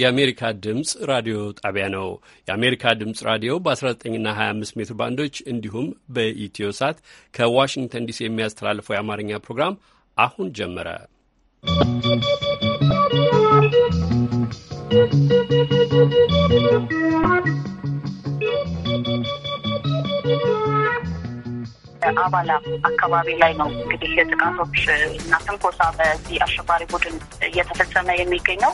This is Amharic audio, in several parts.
የአሜሪካ ድምፅ ራዲዮ ጣቢያ ነው። የአሜሪካ ድምፅ ራዲዮ በ19ና 25 ሜትር ባንዶች እንዲሁም በኢትዮ ሳት ከዋሽንግተን ዲሲ የሚያስተላልፈው የአማርኛ ፕሮግራም አሁን ጀመረ። ¶¶ አባላ አካባቢ ላይ ነው እንግዲህ የጥቃቶች እና ትንኮሳ በዚህ አሸባሪ ቡድን እየተፈጸመ የሚገኘው።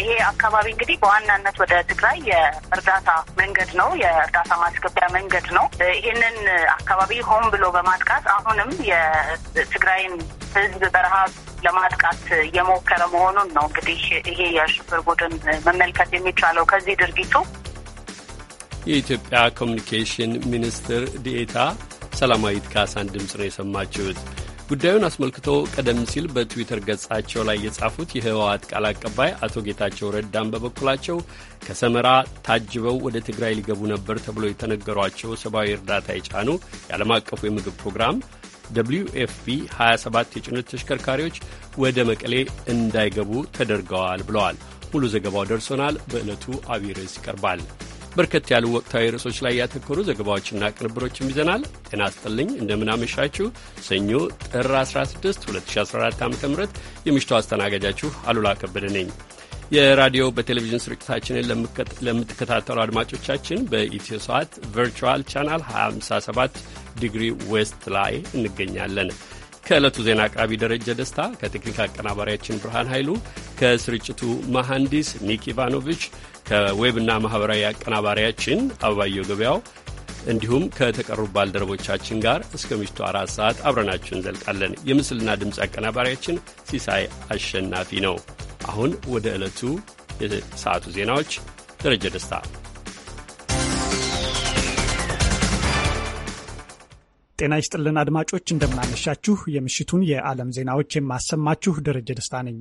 ይሄ አካባቢ እንግዲህ በዋናነት ወደ ትግራይ የእርዳታ መንገድ ነው፣ የእርዳታ ማስገቢያ መንገድ ነው። ይህንን አካባቢ ሆን ብሎ በማጥቃት አሁንም የትግራይን ህዝብ በረሃብ ለማጥቃት እየሞከረ መሆኑን ነው እንግዲህ ይሄ የሽብር ቡድን መመልከት የሚቻለው ከዚህ ድርጊቱ። የኢትዮጵያ ኮሚኒኬሽን ሚኒስትር ዲኤታ ሰላማዊት ካሳን ድምፅ ነው የሰማችሁት። ጉዳዩን አስመልክቶ ቀደም ሲል በትዊተር ገጻቸው ላይ የጻፉት የህወሓት ቃል አቀባይ አቶ ጌታቸው ረዳን በበኩላቸው ከሰመራ ታጅበው ወደ ትግራይ ሊገቡ ነበር ተብሎ የተነገሯቸው ሰብአዊ እርዳታ የጫኑ የዓለም አቀፉ የምግብ ፕሮግራም ደብልዩ 27 የጭነት ተሽከርካሪዎች ወደ መቀሌ እንዳይገቡ ተደርገዋል ብለዋል። ሙሉ ዘገባው ደርሶናል። በዕለቱ አብይ ርዕስ ይቀርባል። በርከት ያሉ ወቅታዊ ርዕሶች ላይ ያተኮሩ ዘገባዎችና ቅንብሮችም ይዘናል። ጤና ስጥልኝ፣ እንደምናመሻችሁ። ሰኞ ጥር 16 2014 ዓ ም የምሽቱ አስተናጋጃችሁ አሉላ ከበደ ነኝ። የራዲዮ በቴሌቪዥን ስርጭታችንን ለምትከታተሉ አድማጮቻችን በኢትዮ ሰዓት ቨርቹዋል ቻናል 57 ዲግሪ ዌስት ላይ እንገኛለን። ከዕለቱ ዜና አቅራቢ ደረጀ ደስታ፣ ከቴክኒክ አቀናባሪያችን ብርሃን ኃይሉ፣ ከስርጭቱ መሐንዲስ ኒክ ኢቫኖቪች፣ ከዌብና ማኅበራዊ አቀናባሪያችን አበባየው ገበያው እንዲሁም ከተቀሩ ባልደረቦቻችን ጋር እስከ ምሽቱ አራት ሰዓት አብረናችሁ እንዘልቃለን። የምስልና ድምፅ አቀናባሪያችን ሲሳይ አሸናፊ ነው። አሁን ወደ ዕለቱ የሰዓቱ ዜናዎች ደረጀ ደስታ ጤና ይስጥልን አድማጮች፣ እንደምናመሻችሁ። የምሽቱን የዓለም ዜናዎች የማሰማችሁ ደረጀ ደስታ ነኝ።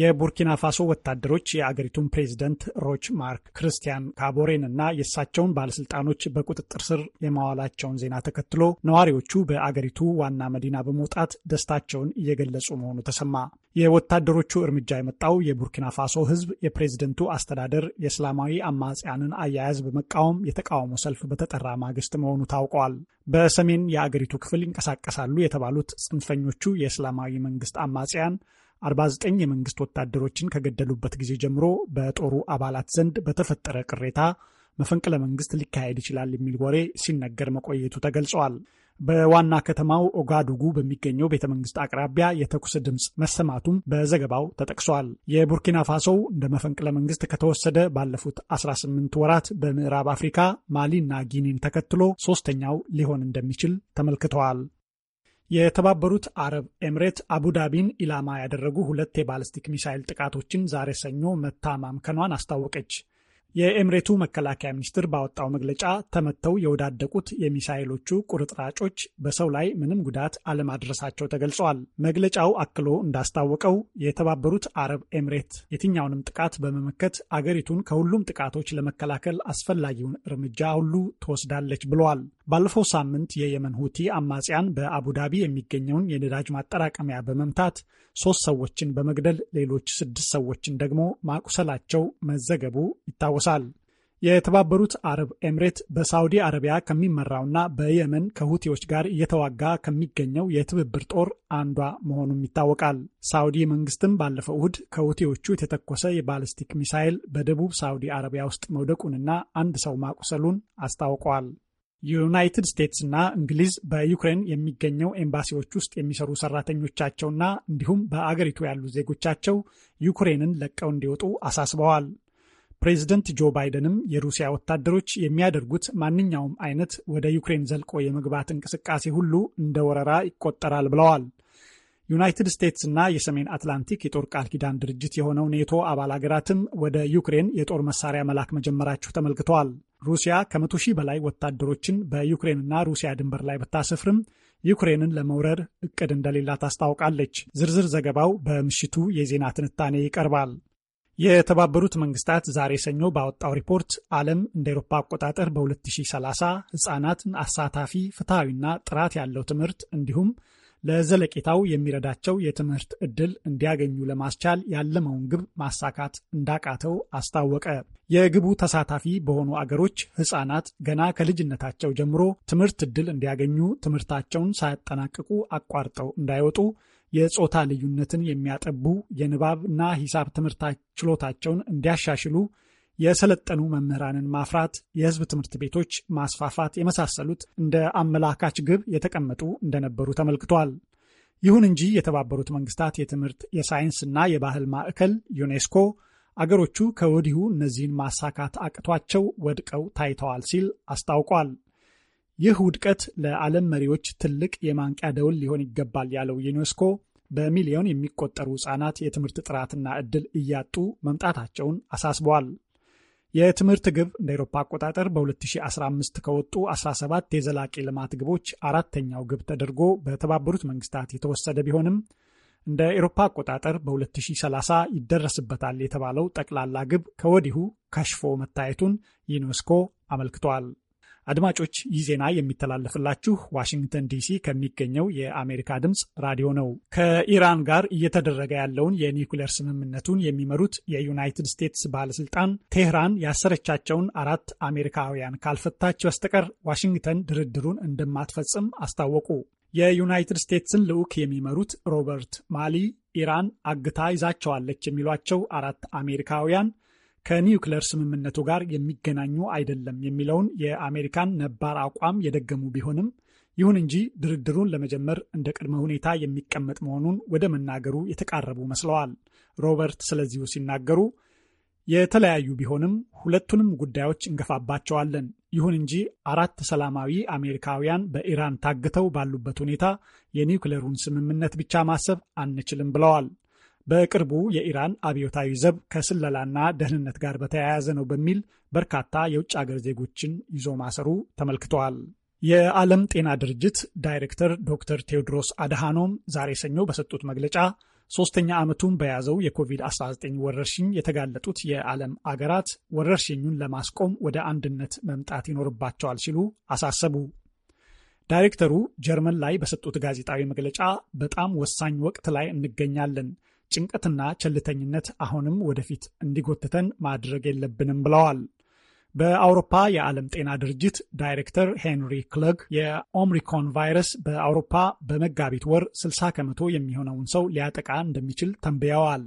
የቡርኪና ፋሶ ወታደሮች የአገሪቱን ፕሬዚደንት ሮች ማርክ ክርስቲያን ካቦሬን እና የእሳቸውን ባለስልጣኖች በቁጥጥር ስር የማዋላቸውን ዜና ተከትሎ ነዋሪዎቹ በአገሪቱ ዋና መዲና በመውጣት ደስታቸውን እየገለጹ መሆኑ ተሰማ። የወታደሮቹ እርምጃ የመጣው የቡርኪና ፋሶ ሕዝብ የፕሬዝደንቱ አስተዳደር የእስላማዊ አማጽያንን አያያዝ በመቃወም የተቃውሞ ሰልፍ በተጠራ ማግስት መሆኑ ታውቋል። በሰሜን የአገሪቱ ክፍል ይንቀሳቀሳሉ የተባሉት ጽንፈኞቹ የእስላማዊ መንግስት አማጽያን 49 የመንግስት ወታደሮችን ከገደሉበት ጊዜ ጀምሮ በጦሩ አባላት ዘንድ በተፈጠረ ቅሬታ መፈንቅለ መንግስት ሊካሄድ ይችላል የሚል ወሬ ሲነገር መቆየቱ ተገልጿል። በዋና ከተማው ኦጋዱጉ በሚገኘው ቤተ መንግስት አቅራቢያ የተኩስ ድምፅ መሰማቱም በዘገባው ተጠቅሷል። የቡርኪና ፋሶው እንደ መፈንቅለ መንግስት ከተወሰደ ባለፉት 18 ወራት በምዕራብ አፍሪካ ማሊና ጊኒን ተከትሎ ሶስተኛው ሊሆን እንደሚችል ተመልክተዋል። የተባበሩት አረብ ኤምሬት አቡዳቢን ኢላማ ያደረጉ ሁለት የባለስቲክ ሚሳይል ጥቃቶችን ዛሬ ሰኞ መታ ማምከኗን አስታወቀች። የኤምሬቱ መከላከያ ሚኒስትር ባወጣው መግለጫ ተመተው የወዳደቁት የሚሳይሎቹ ቁርጥራጮች በሰው ላይ ምንም ጉዳት አለማድረሳቸው ተገልጿል። መግለጫው አክሎ እንዳስታወቀው የተባበሩት አረብ ኤምሬት የትኛውንም ጥቃት በመመከት አገሪቱን ከሁሉም ጥቃቶች ለመከላከል አስፈላጊውን እርምጃ ሁሉ ትወስዳለች ብለዋል። ባለፈው ሳምንት የየመን ሁቲ አማጽያን በአቡዳቢ የሚገኘውን የነዳጅ ማጠራቀሚያ በመምታት ሶስት ሰዎችን በመግደል ሌሎች ስድስት ሰዎችን ደግሞ ማቁሰላቸው መዘገቡ ይታወሳል። ይታወሳል። የተባበሩት አረብ ኤምሬት በሳውዲ አረቢያ ከሚመራውና በየመን ከሁቲዎች ጋር እየተዋጋ ከሚገኘው የትብብር ጦር አንዷ መሆኑም ይታወቃል። ሳውዲ መንግስትም ባለፈው እሁድ ከሁቲዎቹ የተተኮሰ የባሊስቲክ ሚሳይል በደቡብ ሳውዲ አረቢያ ውስጥ መውደቁንና አንድ ሰው ማቁሰሉን አስታውቀዋል። ስቴትስ ስቴትስና እንግሊዝ በዩክሬን የሚገኘው ኤምባሲዎች ውስጥ የሚሰሩ ሰራተኞቻቸውና እንዲሁም በአገሪቱ ያሉ ዜጎቻቸው ዩክሬንን ለቀው እንዲወጡ አሳስበዋል። ፕሬዝደንት ጆ ባይደንም የሩሲያ ወታደሮች የሚያደርጉት ማንኛውም አይነት ወደ ዩክሬን ዘልቆ የመግባት እንቅስቃሴ ሁሉ እንደ ወረራ ይቆጠራል ብለዋል። ዩናይትድ ስቴትስ እና የሰሜን አትላንቲክ የጦር ቃል ኪዳን ድርጅት የሆነው ኔቶ አባል ሀገራትም ወደ ዩክሬን የጦር መሳሪያ መላክ መጀመራችሁ ተመልክተዋል። ሩሲያ ከመቶ ሺህ በላይ ወታደሮችን በዩክሬንና ሩሲያ ድንበር ላይ ብታሰፍርም ዩክሬንን ለመውረር እቅድ እንደሌላ ታስታውቃለች። ዝርዝር ዘገባው በምሽቱ የዜና ትንታኔ ይቀርባል። የተባበሩት መንግስታት ዛሬ ሰኞ ባወጣው ሪፖርት ዓለም እንደ ኤሮፓ አቆጣጠር በ2030 ህጻናትን አሳታፊ ፍትሐዊና ጥራት ያለው ትምህርት እንዲሁም ለዘለቄታው የሚረዳቸው የትምህርት እድል እንዲያገኙ ለማስቻል ያለመውን ግብ ማሳካት እንዳቃተው አስታወቀ። የግቡ ተሳታፊ በሆኑ አገሮች ህጻናት ገና ከልጅነታቸው ጀምሮ ትምህርት እድል እንዲያገኙ፣ ትምህርታቸውን ሳያጠናቅቁ አቋርጠው እንዳይወጡ የጾታ ልዩነትን የሚያጠቡ የንባብና ሂሳብ ትምህርት ችሎታቸውን እንዲያሻሽሉ የሰለጠኑ መምህራንን ማፍራት፣ የህዝብ ትምህርት ቤቶች ማስፋፋት የመሳሰሉት እንደ አመላካች ግብ የተቀመጡ እንደነበሩ ተመልክቷል። ይሁን እንጂ የተባበሩት መንግስታት የትምህርት የሳይንስና የባህል ማዕከል ዩኔስኮ አገሮቹ ከወዲሁ እነዚህን ማሳካት አቅቷቸው ወድቀው ታይተዋል ሲል አስታውቋል። ይህ ውድቀት ለዓለም መሪዎች ትልቅ የማንቂያ ደውል ሊሆን ይገባል ያለው ዩኔስኮ በሚሊዮን የሚቆጠሩ ሕጻናት የትምህርት ጥራትና ዕድል እያጡ መምጣታቸውን አሳስበዋል። የትምህርት ግብ እንደ ኤሮፓ አቆጣጠር በ2015 ከወጡ 17 የዘላቂ ልማት ግቦች አራተኛው ግብ ተደርጎ በተባበሩት መንግስታት የተወሰደ ቢሆንም እንደ ኤሮፓ አቆጣጠር በ2030 ይደረስበታል የተባለው ጠቅላላ ግብ ከወዲሁ ከሽፎ መታየቱን ዩኔስኮ አመልክቷል። አድማጮች ይህ ዜና የሚተላለፍላችሁ ዋሽንግተን ዲሲ ከሚገኘው የአሜሪካ ድምፅ ራዲዮ ነው። ከኢራን ጋር እየተደረገ ያለውን የኒውክሌር ስምምነቱን የሚመሩት የዩናይትድ ስቴትስ ባለስልጣን ቴህራን ያሰረቻቸውን አራት አሜሪካውያን ካልፈታች በስተቀር ዋሽንግተን ድርድሩን እንደማትፈጽም አስታወቁ። የዩናይትድ ስቴትስን ልዑክ የሚመሩት ሮበርት ማሊ ኢራን አግታ ይዛቸዋለች የሚሏቸው አራት አሜሪካውያን ከኒውክሌር ስምምነቱ ጋር የሚገናኙ አይደለም የሚለውን የአሜሪካን ነባር አቋም የደገሙ ቢሆንም ይሁን እንጂ ድርድሩን ለመጀመር እንደ ቅድመ ሁኔታ የሚቀመጥ መሆኑን ወደ መናገሩ የተቃረቡ መስለዋል። ሮበርት ስለዚሁ ሲናገሩ የተለያዩ ቢሆንም ሁለቱንም ጉዳዮች እንገፋባቸዋለን። ይሁን እንጂ አራት ሰላማዊ አሜሪካውያን በኢራን ታግተው ባሉበት ሁኔታ የኒውክሌሩን ስምምነት ብቻ ማሰብ አንችልም ብለዋል። በቅርቡ የኢራን አብዮታዊ ዘብ ከስለላና ደህንነት ጋር በተያያዘ ነው በሚል በርካታ የውጭ አገር ዜጎችን ይዞ ማሰሩ ተመልክተዋል። የዓለም ጤና ድርጅት ዳይሬክተር ዶክተር ቴዎድሮስ አድሃኖም ዛሬ ሰኞ በሰጡት መግለጫ ሶስተኛ ዓመቱን በያዘው የኮቪድ-19 ወረርሽኝ የተጋለጡት የዓለም አገራት ወረርሽኙን ለማስቆም ወደ አንድነት መምጣት ይኖርባቸዋል ሲሉ አሳሰቡ። ዳይሬክተሩ ጀርመን ላይ በሰጡት ጋዜጣዊ መግለጫ በጣም ወሳኝ ወቅት ላይ እንገኛለን ጭንቀትና ቸልተኝነት አሁንም ወደፊት እንዲጎትተን ማድረግ የለብንም ብለዋል። በአውሮፓ የዓለም ጤና ድርጅት ዳይሬክተር ሄንሪ ክለግ የኦምሪኮን ቫይረስ በአውሮፓ በመጋቢት ወር 60 ከመቶ የሚሆነውን ሰው ሊያጠቃ እንደሚችል ተንብየዋል።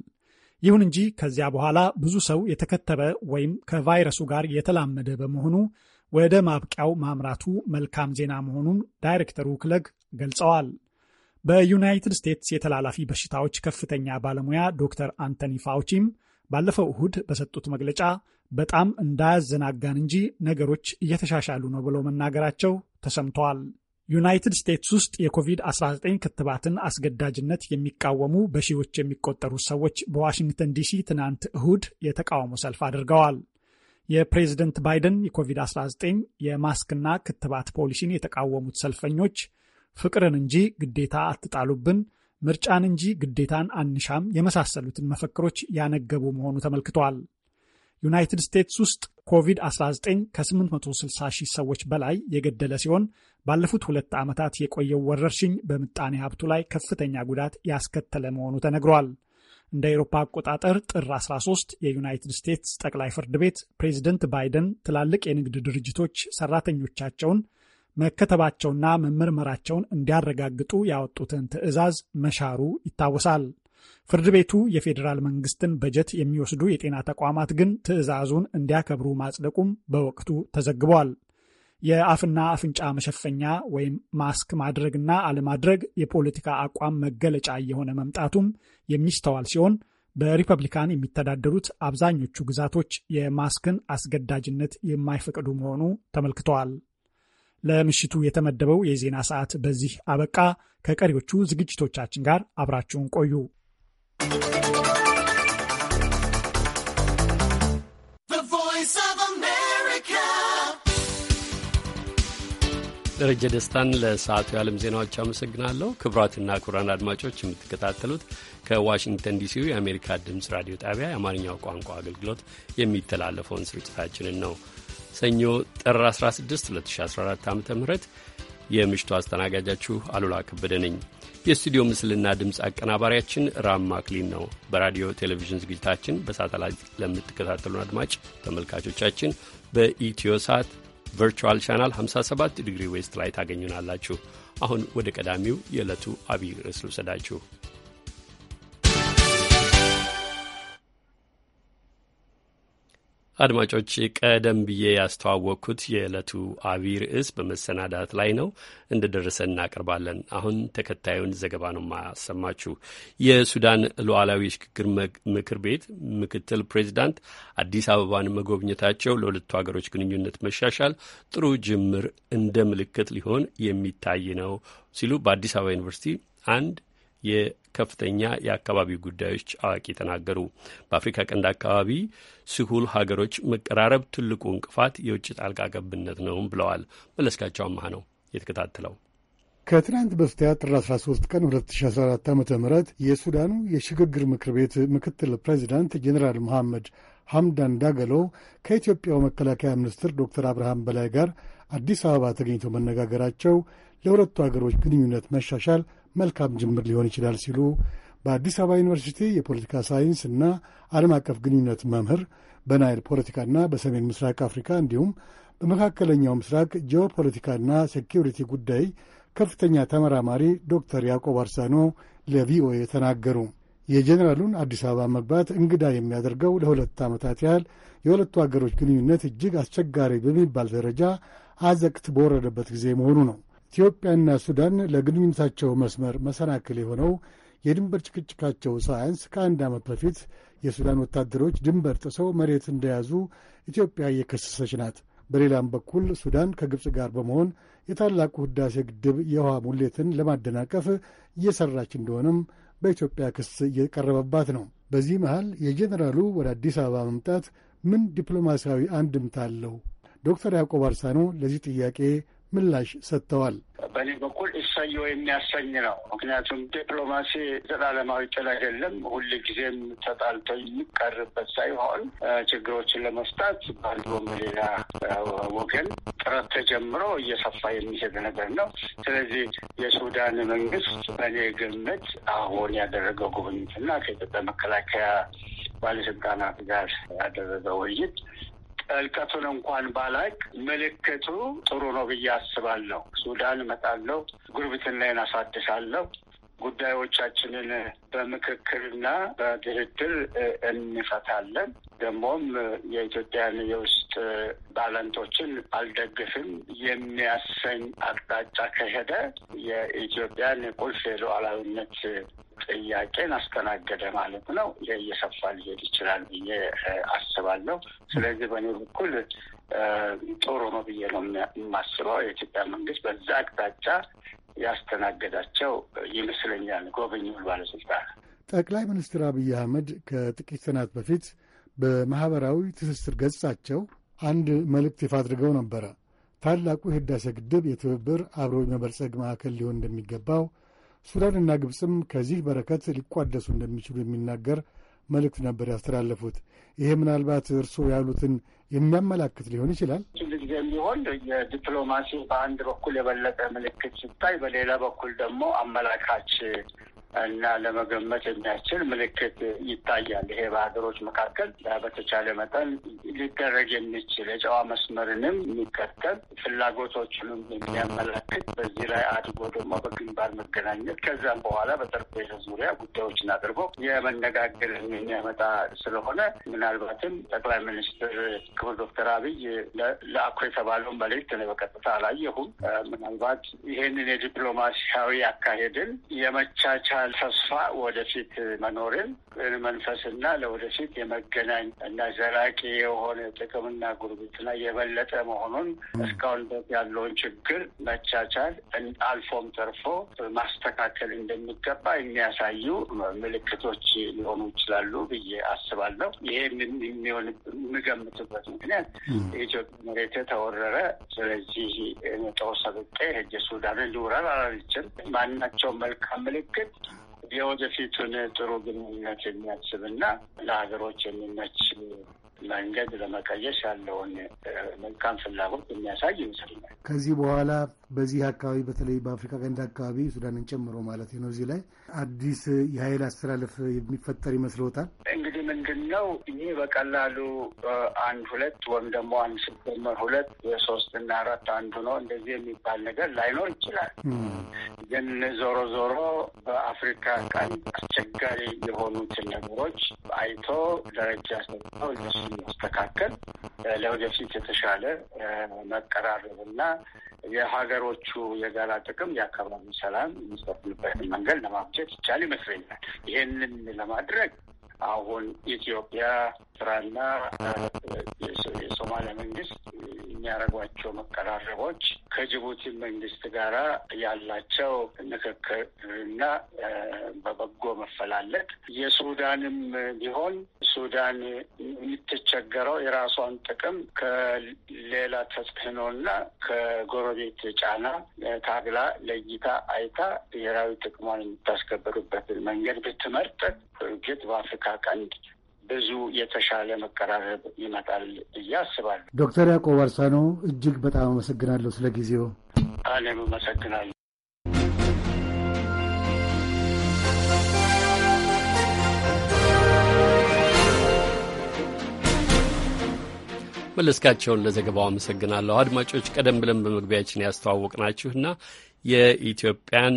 ይሁን እንጂ ከዚያ በኋላ ብዙ ሰው የተከተበ ወይም ከቫይረሱ ጋር የተላመደ በመሆኑ ወደ ማብቂያው ማምራቱ መልካም ዜና መሆኑን ዳይሬክተሩ ክለግ ገልጸዋል። በዩናይትድ ስቴትስ የተላላፊ በሽታዎች ከፍተኛ ባለሙያ ዶክተር አንቶኒ ፋውቺም ባለፈው እሁድ በሰጡት መግለጫ በጣም እንዳያዘናጋን እንጂ ነገሮች እየተሻሻሉ ነው ብለው መናገራቸው ተሰምተዋል። ዩናይትድ ስቴትስ ውስጥ የኮቪድ-19 ክትባትን አስገዳጅነት የሚቃወሙ በሺዎች የሚቆጠሩ ሰዎች በዋሽንግተን ዲሲ ትናንት እሁድ የተቃውሞ ሰልፍ አድርገዋል። የፕሬዝደንት ባይደን የኮቪድ-19 የማስክና ክትባት ፖሊሲን የተቃወሙት ሰልፈኞች ፍቅርን እንጂ ግዴታ አትጣሉብን፣ ምርጫን እንጂ ግዴታን አንሻም የመሳሰሉትን መፈክሮች ያነገቡ መሆኑ ተመልክቷል። ዩናይትድ ስቴትስ ውስጥ ኮቪድ-19 ከ860 ሺህ ሰዎች በላይ የገደለ ሲሆን ባለፉት ሁለት ዓመታት የቆየው ወረርሽኝ በምጣኔ ሀብቱ ላይ ከፍተኛ ጉዳት ያስከተለ መሆኑ ተነግሯል። እንደ አውሮፓ አቆጣጠር ጥር 13 የዩናይትድ ስቴትስ ጠቅላይ ፍርድ ቤት ፕሬዚደንት ባይደን ትላልቅ የንግድ ድርጅቶች ሰራተኞቻቸውን መከተባቸውና መመርመራቸውን እንዲያረጋግጡ ያወጡትን ትዕዛዝ መሻሩ ይታወሳል። ፍርድ ቤቱ የፌዴራል መንግስትን በጀት የሚወስዱ የጤና ተቋማት ግን ትዕዛዙን እንዲያከብሩ ማጽደቁም በወቅቱ ተዘግቧል። የአፍና አፍንጫ መሸፈኛ ወይም ማስክ ማድረግና አለማድረግ የፖለቲካ አቋም መገለጫ እየሆነ መምጣቱም የሚስተዋል ሲሆን በሪፐብሊካን የሚተዳደሩት አብዛኞቹ ግዛቶች የማስክን አስገዳጅነት የማይፈቅዱ መሆኑ ተመልክተዋል። ለምሽቱ የተመደበው የዜና ሰዓት በዚህ አበቃ። ከቀሪዎቹ ዝግጅቶቻችን ጋር አብራችሁን ቆዩ። ደረጀ ደስታን ለሰዓቱ የዓለም ዜናዎች አመሰግናለሁ። ክቡራትና ክቡራን አድማጮች የምትከታተሉት ከዋሽንግተን ዲሲው የአሜሪካ ድምፅ ራዲዮ ጣቢያ የአማርኛው ቋንቋ አገልግሎት የሚተላለፈውን ስርጭታችንን ነው። ሰኞ ጥር 16 2014 ዓ ም የምሽቱ አስተናጋጃችሁ አሉላ ከበደ ነኝ። የስቱዲዮ ምስልና ድምፅ አቀናባሪያችን ራም ማክሊን ነው። በራዲዮ ቴሌቪዥን ዝግጅታችን በሳተላይት ለምትከታተሉን አድማጭ ተመልካቾቻችን በኢትዮ ሳት ቨርቹዋል ቻናል 57 ዲግሪ ዌስት ላይ ታገኙናላችሁ። አሁን ወደ ቀዳሚው የዕለቱ አብይ ርዕስ ልውሰዳችሁ። አድማጮች ቀደም ብዬ ያስተዋወቅኩት የዕለቱ አቢይ ርዕስ በመሰናዳት ላይ ነው፣ እንደደረሰ እናቀርባለን። አሁን ተከታዩን ዘገባ ነው ማሰማችሁ። የሱዳን ሉዓላዊ ሽግግር ምክር ቤት ምክትል ፕሬዚዳንት አዲስ አበባን መጎብኘታቸው ለሁለቱ ሀገሮች ግንኙነት መሻሻል ጥሩ ጅምር እንደ ምልክት ሊሆን የሚታይ ነው ሲሉ በአዲስ አበባ ዩኒቨርሲቲ አንድ ከፍተኛ የአካባቢው ጉዳዮች አዋቂ ተናገሩ። በአፍሪካ ቀንድ አካባቢ ስሁል ሀገሮች መቀራረብ ትልቁ እንቅፋት የውጭ ጣልቃ ገብነት ነው ብለዋል። መለስካቸው አማህ ነው የተከታተለው። ከትናንት በስቲያ ጥር 13 ቀን 2014 ዓ ም የሱዳኑ የሽግግር ምክር ቤት ምክትል ፕሬዚዳንት ጀኔራል መሐመድ ሐምዳን ዳገሎ ከኢትዮጵያው መከላከያ ሚኒስትር ዶክተር አብርሃም በላይ ጋር አዲስ አበባ ተገኝተው መነጋገራቸው ለሁለቱ አገሮች ግንኙነት መሻሻል መልካም ጅምር ሊሆን ይችላል ሲሉ በአዲስ አበባ ዩኒቨርሲቲ የፖለቲካ ሳይንስ እና ዓለም አቀፍ ግንኙነት መምህር በናይል ፖለቲካና በሰሜን ምስራቅ አፍሪካ እንዲሁም በመካከለኛው ምስራቅ ጂኦፖለቲካና ሴኪሪቲ ጉዳይ ከፍተኛ ተመራማሪ ዶክተር ያዕቆብ አርሳኖ ለቪኦኤ ተናገሩ። የጄኔራሉን አዲስ አበባ መግባት እንግዳ የሚያደርገው ለሁለት ዓመታት ያህል የሁለቱ አገሮች ግንኙነት እጅግ አስቸጋሪ በሚባል ደረጃ አዘቅት በወረደበት ጊዜ መሆኑ ነው። ኢትዮጵያና ሱዳን ለግንኙነታቸው መስመር መሰናክል የሆነው የድንበር ጭቅጭቃቸው ሳያንስ ከአንድ ዓመት በፊት የሱዳን ወታደሮች ድንበር ጥሰው መሬት እንደያዙ ኢትዮጵያ እየከሰሰች ናት። በሌላም በኩል ሱዳን ከግብፅ ጋር በመሆን የታላቁ ሕዳሴ ግድብ የውሃ ሙሌትን ለማደናቀፍ እየሠራች እንደሆነም በኢትዮጵያ ክስ እየቀረበባት ነው። በዚህ መሃል የጄኔራሉ ወደ አዲስ አበባ መምጣት ምን ዲፕሎማሲያዊ አንድምታ አለው? ዶክተር ያዕቆብ አርሳኖ ለዚህ ጥያቄ ምላሽ ሰጥተዋል። በእኔ በኩል እሰየው የሚያሰኝ ነው። ምክንያቱም ዲፕሎማሲ ዘላለማዊ ጥል አይደለም። ሁል ጊዜም ተጣልቶ የሚቀርበት ሳይሆን ችግሮችን ለመፍታት በአንዱም ሌላ ወገን ጥረት ተጀምሮ እየሰፋ የሚሄድ ነገር ነው። ስለዚህ የሱዳን መንግስት በእኔ ግምት አሁን ያደረገው ጉብኝትና ከኢትዮጵያ መከላከያ ባለስልጣናት ጋር ያደረገው ውይይት ጥልቀቱን እንኳን ባላቅ ምልክቱ ጥሩ ነው ብዬ አስባለሁ። ሱዳን እመጣለሁ፣ ጉርብትናዬን አሳድሳለሁ፣ ጉዳዮቻችንን በምክክርና በድርድር እንፈታለን። ደግሞም የኢትዮጵያን የውስጥ ባለንቶችን አልደግፍም የሚያሰኝ አቅጣጫ ከሄደ የኢትዮጵያን ቁልፍ የሉዓላዊነት ጥያቄን አስተናገደ ማለት ነው። ይሄ እየሰፋ ሊሄድ ይችላል ብዬ አስባለሁ። ስለዚህ በእኔ በኩል ጥሩ ነው ብዬ ነው የማስበው። የኢትዮጵያ መንግስት በዛ አቅጣጫ ያስተናገዳቸው ይመስለኛል ጎበኙል ባለስልጣን። ጠቅላይ ሚኒስትር አብይ አህመድ ከጥቂት ቀናት በፊት በማኅበራዊ ትስስር ገጻቸው አንድ መልእክት ይፋ አድርገው ነበረ። ታላቁ የህዳሴ ግድብ የትብብር አብሮ የመበልጸግ ማዕከል ሊሆን እንደሚገባው፣ ሱዳንና ግብፅም ከዚህ በረከት ሊቋደሱ እንደሚችሉ የሚናገር መልእክት ነበር ያስተላለፉት። ይሄ ምናልባት እርስዎ ያሉትን የሚያመላክት ሊሆን ይችላል። ጊዜም ቢሆን የዲፕሎማሲ በአንድ በኩል የበለጠ ምልክት ሲታይ፣ በሌላ በኩል ደግሞ አመላካች እና ለመገመት የሚያስችል ምልክት ይታያል። ይሄ በሀገሮች መካከል በተቻለ መጠን ሊደረግ የሚችል የጨዋ መስመርንም የሚከተል ፍላጎቶችንም የሚያመላክት በዚህ ላይ አድጎ ደግሞ በግንባር መገናኘት ከዛም በኋላ በጠረጴዛ ዙሪያ ጉዳዮችን አድርጎ የመነጋገር የሚያመጣ ስለሆነ ምናልባትም ጠቅላይ ሚኒስትር ክቡር ዶክተር አብይ ለአኩ የተባለውን መልክት ነው በቀጥታ አላየሁም። ምናልባት ይህንን የዲፕሎማሲያዊ አካሄድን የመቻቻ ተስፋ ወደፊት መኖርን መንፈስና ለወደፊት የመገናኝ እና ዘላቂ የሆነ ጥቅምና ጉርብትና የበለጠ መሆኑን እስካሁን ድረስ ያለውን ችግር መቻቻል አልፎም ተርፎ ማስተካከል እንደሚገባ የሚያሳዩ ምልክቶች ሊሆኑ ይችላሉ ብዬ አስባለሁ። ይሄ የሚሆን የምገምትበት ምክንያት የኢትዮጵያ መሬት ተወረረ። ስለዚህ ጦር ሰብቄ ሄጄ ሱዳንን ልውረር አላልችም። ማናቸው መልካም ምልክት የወደፊቱን ጥሩ ግንኙነት የሚያስብ እና ለሀገሮች የሚመች መንገድ ለመቀየስ ያለውን መልካም ፍላጎት የሚያሳይ ይመስለኛል። ከዚህ በኋላ በዚህ አካባቢ በተለይ በአፍሪካ ቀንድ አካባቢ ሱዳንን ጨምሮ ማለት ነው። እዚህ ላይ አዲስ የኃይል አስተላለፍ የሚፈጠር ይመስለታል? እንግዲህ ምንድን ነው ይህ በቀላሉ አንድ ሁለት ወይም ደግሞ አንድ ሲደመር ሁለት የሶስት እና አራት አንዱ ነው እንደዚህ የሚባል ነገር ላይኖር ይችላል። ግን ዞሮ ዞሮ በአፍሪካ ቀንድ አስቸጋሪ የሆኑትን ነገሮች አይቶ ደረጃ ሰጥተው እነሱ ያስተካከል ለወደፊት የተሻለ መቀራረብና የሀገር የሀገሮቹ የጋራ ጥቅም የአካባቢ ሰላም የሚሰፍንበትን መንገድ ለማብጀት ይቻል ይመስለኛል። ይህንን ለማድረግ አሁን ኢትዮጵያ ስራና የሶማሊያ መንግስት የሚያደርጓቸው መቀራረቦች ከጅቡቲ መንግስት ጋር ያላቸው ምክክር እና በበጎ መፈላለግ የሱዳንም ቢሆን ሱዳን የምትቸገረው የራሷን ጥቅም ከሌላ ተጽዕኖና ከጎረቤት ጫና ታግላ ለይታ አይታ ብሔራዊ ጥቅሟን የምታስከብርበትን መንገድ ብትመርጥ እርግጥ በአፍሪካ ቀንድ ብዙ የተሻለ መቀራረብ ይመጣል ብዬ አስባለሁ። ዶክተር ያዕቆብ አርሳኖ እጅግ በጣም አመሰግናለሁ ስለ ጊዜው። እኔም አመሰግናለሁ። መለስካቸውን ለዘገባው አመሰግናለሁ። አድማጮች፣ ቀደም ብለን በመግቢያችን ያስተዋወቅናችሁና የኢትዮጵያን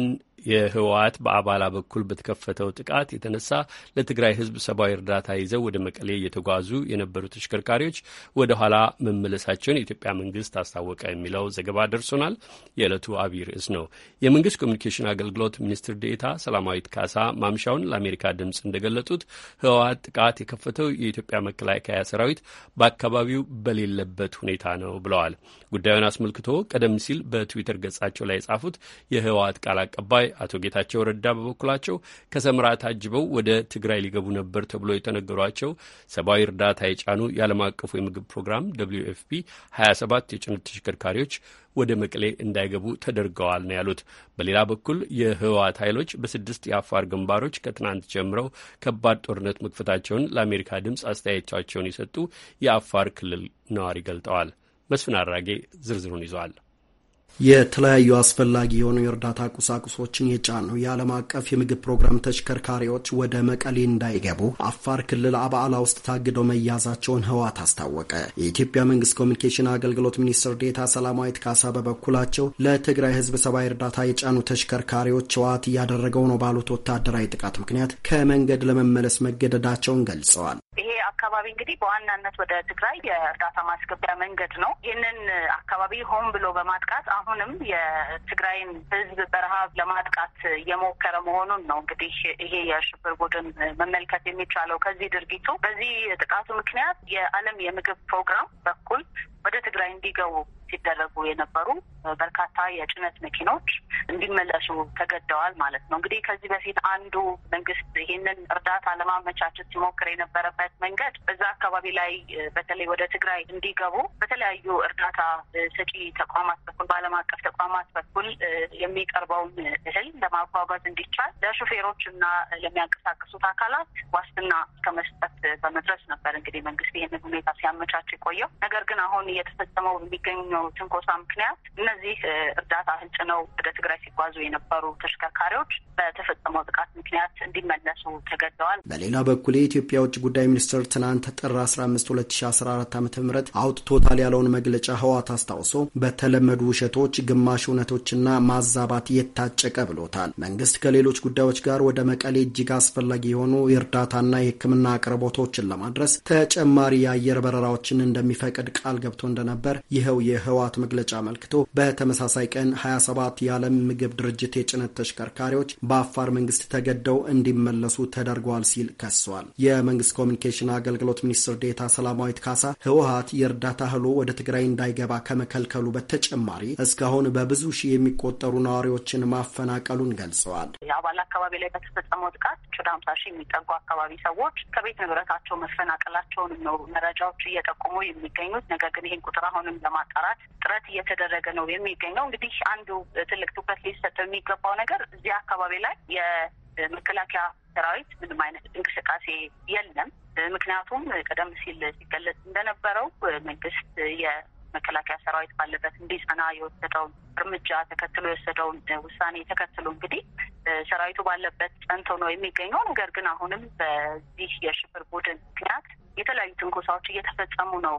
የህወሓት በአባላ በኩል በተከፈተው ጥቃት የተነሳ ለትግራይ ህዝብ ሰብአዊ እርዳታ ይዘው ወደ መቀሌ እየተጓዙ የነበሩ ተሽከርካሪዎች ወደ ኋላ መመለሳቸውን የኢትዮጵያ መንግስት አስታወቀ የሚለው ዘገባ ደርሶናል። የዕለቱ አብይ ርዕስ ነው። የመንግስት ኮሚኒኬሽን አገልግሎት ሚኒስትር ዴኤታ ሰላማዊት ካሳ ማምሻውን ለአሜሪካ ድምፅ እንደገለጡት ህወሓት ጥቃት የከፈተው የኢትዮጵያ መከላከያ ሰራዊት በአካባቢው በሌለበት ሁኔታ ነው ብለዋል። ጉዳዩን አስመልክቶ ቀደም ሲል በትዊተር ገጻቸው ላይ የጻፉት የህወሓት ቃል አቀባይ አቶ ጌታቸው ረዳ በበኩላቸው ከሰምራት ታጅበው ወደ ትግራይ ሊገቡ ነበር ተብሎ የተነገሯቸው ሰብአዊ እርዳታ የጫኑ የዓለም አቀፉ የምግብ ፕሮግራም ደብልዩ ኤፍ ፒ 27 የጭነት ተሽከርካሪዎች ወደ መቀሌ እንዳይገቡ ተደርገዋል ነው ያሉት። በሌላ በኩል የህወሓት ኃይሎች በስድስት የአፋር ግንባሮች ከትናንት ጀምረው ከባድ ጦርነት መክፈታቸውን ለአሜሪካ ድምፅ አስተያየታቸውን የሰጡ የአፋር ክልል ነዋሪ ገልጠዋል። መስፍን አራጌ ዝርዝሩን ይዘዋል። የተለያዩ አስፈላጊ የሆኑ የእርዳታ ቁሳቁሶችን የጫኑ የዓለም አቀፍ የምግብ ፕሮግራም ተሽከርካሪዎች ወደ መቀሌ እንዳይገቡ አፋር ክልል አባዓላ ውስጥ ታግደው መያዛቸውን ህወሓት አስታወቀ። የኢትዮጵያ መንግስት ኮሚኒኬሽን አገልግሎት ሚኒስትር ዴታ ሰላማዊት ካሳ በበኩላቸው ለትግራይ ህዝብ ሰብአዊ እርዳታ የጫኑ ተሽከርካሪዎች ህወሓት እያደረገው ነው ባሉት ወታደራዊ ጥቃት ምክንያት ከመንገድ ለመመለስ መገደዳቸውን ገልጸዋል። ይሄ አካባቢ እንግዲህ በዋናነት ወደ ትግራይ የእርዳታ ማስገቢያ መንገድ ነው። ይህንን አካባቢ ሆን ብሎ በማጥቃት አሁንም የትግራይን ህዝብ በረሃብ ለማጥቃት እየሞከረ መሆኑን ነው እንግዲህ ይሄ የሽብር ቡድን መመልከት የሚቻለው ከዚህ ድርጊቱ። በዚህ ጥቃቱ ምክንያት የዓለም የምግብ ፕሮግራም በኩል ወደ ትግራይ እንዲገቡ ሲደረጉ የነበሩ በርካታ የጭነት መኪኖች እንዲመለሱ ተገደዋል ማለት ነው። እንግዲህ ከዚህ በፊት አንዱ መንግስት ይህንን እርዳታ ለማመቻቸት ሲሞክር የነበረበት መንገድ በዛ አካባቢ ላይ በተለይ ወደ ትግራይ እንዲገቡ በተለያዩ እርዳታ ሰጪ ተቋማት በኩል በዓለም አቀፍ ተቋማት በኩል የሚቀርበውን እህል ለማጓጓዝ እንዲቻል ለሹፌሮች እና ለሚያንቀሳቅሱት አካላት ዋስትና ከመስጠት በመድረስ ነበር እንግዲህ መንግስት ይህንን ሁኔታ ሲያመቻች የቆየው ነገር ግን አሁን እየተፈጸመው የሚገኘው ትንኮሳ ምክንያት እነዚህ እርዳታ ህጭነው ወደ ትግራይ ሲጓዙ የነበሩ ተሽከርካሪዎች በተፈጸመው ጥቃት ምክንያት እንዲመለሱ ተገደዋል። በሌላ በኩል የኢትዮጵያ ውጭ ጉዳይ ሚኒስትር ትናንት ጥር 15 2014 ዓ ም አውጥቶታል ያለውን መግለጫ ህዋት አስታውሶ በተለመዱ ውሸቶች፣ ግማሽ እውነቶችና ማዛባት የታጨቀ ብሎታል። መንግስት ከሌሎች ጉዳዮች ጋር ወደ መቀሌ እጅግ አስፈላጊ የሆኑ የእርዳታና የህክምና አቅርቦቶችን ለማድረስ ተጨማሪ የአየር በረራዎችን እንደሚፈቅድ ቃል ገብቶ እንደነበር ይኸው የህዋት መግለጫ አመልክቶ በተመሳሳይ ቀን 27 የዓለም ምግብ ድርጅት የጭነት ተሽከርካሪዎች በአፋር መንግስት ተገደው እንዲመለሱ ተደርገዋል ሲል ከሷል። የመንግስት ኮሚኒኬሽን አገልግሎት ሚኒስትር ዴታ ሰላማዊት ካሳ ህወሀት የእርዳታ እህሉ ወደ ትግራይ እንዳይገባ ከመከልከሉ በተጨማሪ እስካሁን በብዙ ሺህ የሚቆጠሩ ነዋሪዎችን ማፈናቀሉን ገልጸዋል። የአባል አካባቢ ላይ በተፈጸመው ጥቃት ወደ ሀምሳ ሺህ የሚጠጉ አካባቢ ሰዎች ከቤት ንብረታቸው መፈናቀላቸውን ነው መረጃዎች እየጠቆሙ የሚገኙት። ነገር ግን ይህን ቁጥር አሁንም ለማጣራት ጥረት እየተደረገ ነው የሚገኘው። እንግዲህ አንዱ ትልቅ ትኩረት ሊሰጠው የሚገባው ነገር እዚህ አካባቢ ላይ የመከላከያ ሰራዊት ምንም አይነት እንቅስቃሴ የለም። ምክንያቱም ቀደም ሲል ሲገለጽ እንደነበረው መንግስት የመከላከያ ሰራዊት ባለበት እንዲጸና የወሰደውን እርምጃ ተከትሎ የወሰደውን ውሳኔ ተከትሎ እንግዲህ ሰራዊቱ ባለበት ጸንቶ ነው የሚገኘው። ነገር ግን አሁንም በዚህ የሽብር ቡድን ምክንያት የተለያዩ ትንኮሳዎች እየተፈጸሙ ነው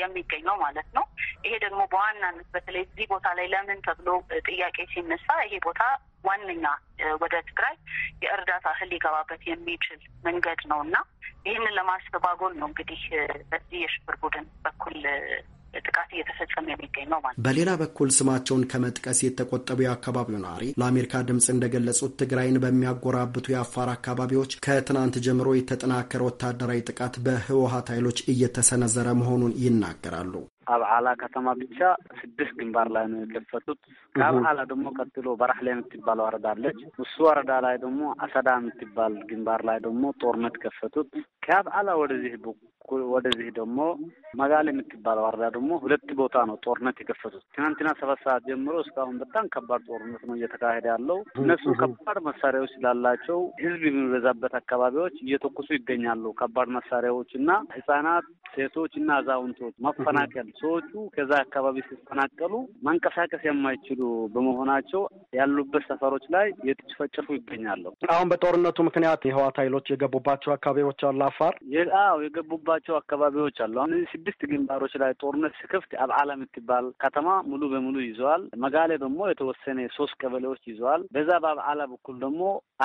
የሚገኘው ማለት ነው። ይሄ ደግሞ በዋናነት በተለይ እዚህ ቦታ ላይ ለምን ተብሎ ጥያቄ ሲነሳ ይሄ ቦታ ዋነኛ ወደ ትግራይ የእርዳታ እህል ሊገባበት የሚችል መንገድ ነው እና ይህንን ለማስተጓጎል ነው እንግዲህ በዚህ የሽብር ቡድን በኩል ጥቃት እየተፈጸመ የሚገኘው ማለት ነው። በሌላ በኩል ስማቸውን ከመጥቀስ የተቆጠቡ የአካባቢው ነዋሪ ለአሜሪካ ድምፅ እንደገለጹት ትግራይን በሚያጎራብቱ የአፋር አካባቢዎች ከትናንት ጀምሮ የተጠናከረ ወታደራዊ ጥቃት በህወሀት ኃይሎች እየተሰነዘረ መሆኑን ይናገራሉ። አብዓላ ከተማ ብቻ ስድስት ግንባር ላይ ነው የከፈቱት። ከአብዓላ ደግሞ ቀጥሎ በራህላ የምትባል ወረዳ አለች። እሱ ወረዳ ላይ ደግሞ አሰዳ የምትባል ግንባር ላይ ደግሞ ጦርነት ከፈቱት። ከአብዓላ ወደዚህ ወደዚህ ደግሞ መጋሌ የምትባል ወረዳ ደግሞ ሁለት ቦታ ነው ጦርነት የከፈቱት። ትናንትና ሰባት ሰዓት ጀምሮ እስካሁን በጣም ከባድ ጦርነት ነው እየተካሄደ ያለው። እነሱ ከባድ መሳሪያዎች ስላላቸው ህዝብ የሚበዛበት አካባቢዎች እየተኩሱ ይገኛሉ። ከባድ መሳሪያዎች እና ህጻናት፣ ሴቶች እና አዛውንቶች መፈናቀል ሰዎቹ ከዛ አካባቢ ሲፈናቀሉ መንቀሳቀስ የማይችሉ በመሆናቸው ያሉበት ሰፈሮች ላይ የተጨፈጨፉ ይገኛሉ። አሁን በጦርነቱ ምክንያት የህዋት ኃይሎች የገቡባቸው አካባቢዎች አሉ። አፋር አዎ የገቡባቸው አካባቢዎች አሉ። አሁን ስድስት ግንባሮች ላይ ጦርነት ሲከፍት አብዓላ የምትባል ከተማ ሙሉ በሙሉ ይዘዋል። መጋሌ ደግሞ የተወሰነ ሶስት ቀበሌዎች ይዘዋል። በዛ በአብዓላ በኩል ደግሞ